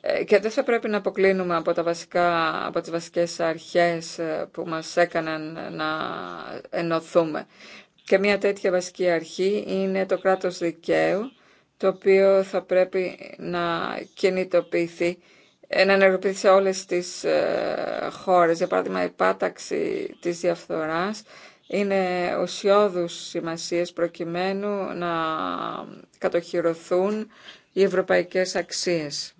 ε, και δεν θα πρέπει να αποκλίνουμε από, τα βασικά, από τις βασικές αρχές ε, που μας έκαναν να ενωθούμε. Και μια τέτοια βασική αρχή είναι το κράτος δικαίου, το οποίο θα πρέπει να κινητοποιηθεί, ε, να ενεργοποιηθεί σε όλες τις χώρες. Για παράδειγμα, η πάταξη της διαφθοράς είναι ουσιώδους σημασίες προκειμένου να κατοχυρωθούν οι ευρωπαϊκές αξίες.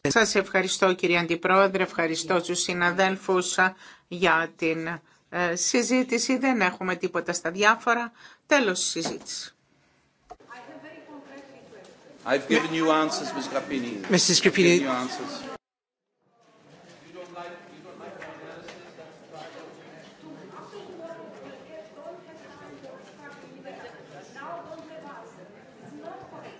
Σας ευχαριστώ κύριε Αντιπρόεδρε,
ευχαριστώ τους συναδέλφους ε, για την ε, συζήτηση. Δεν έχουμε τίποτα στα διάφορα. Τέλος της συζήτησης. I've given you answers,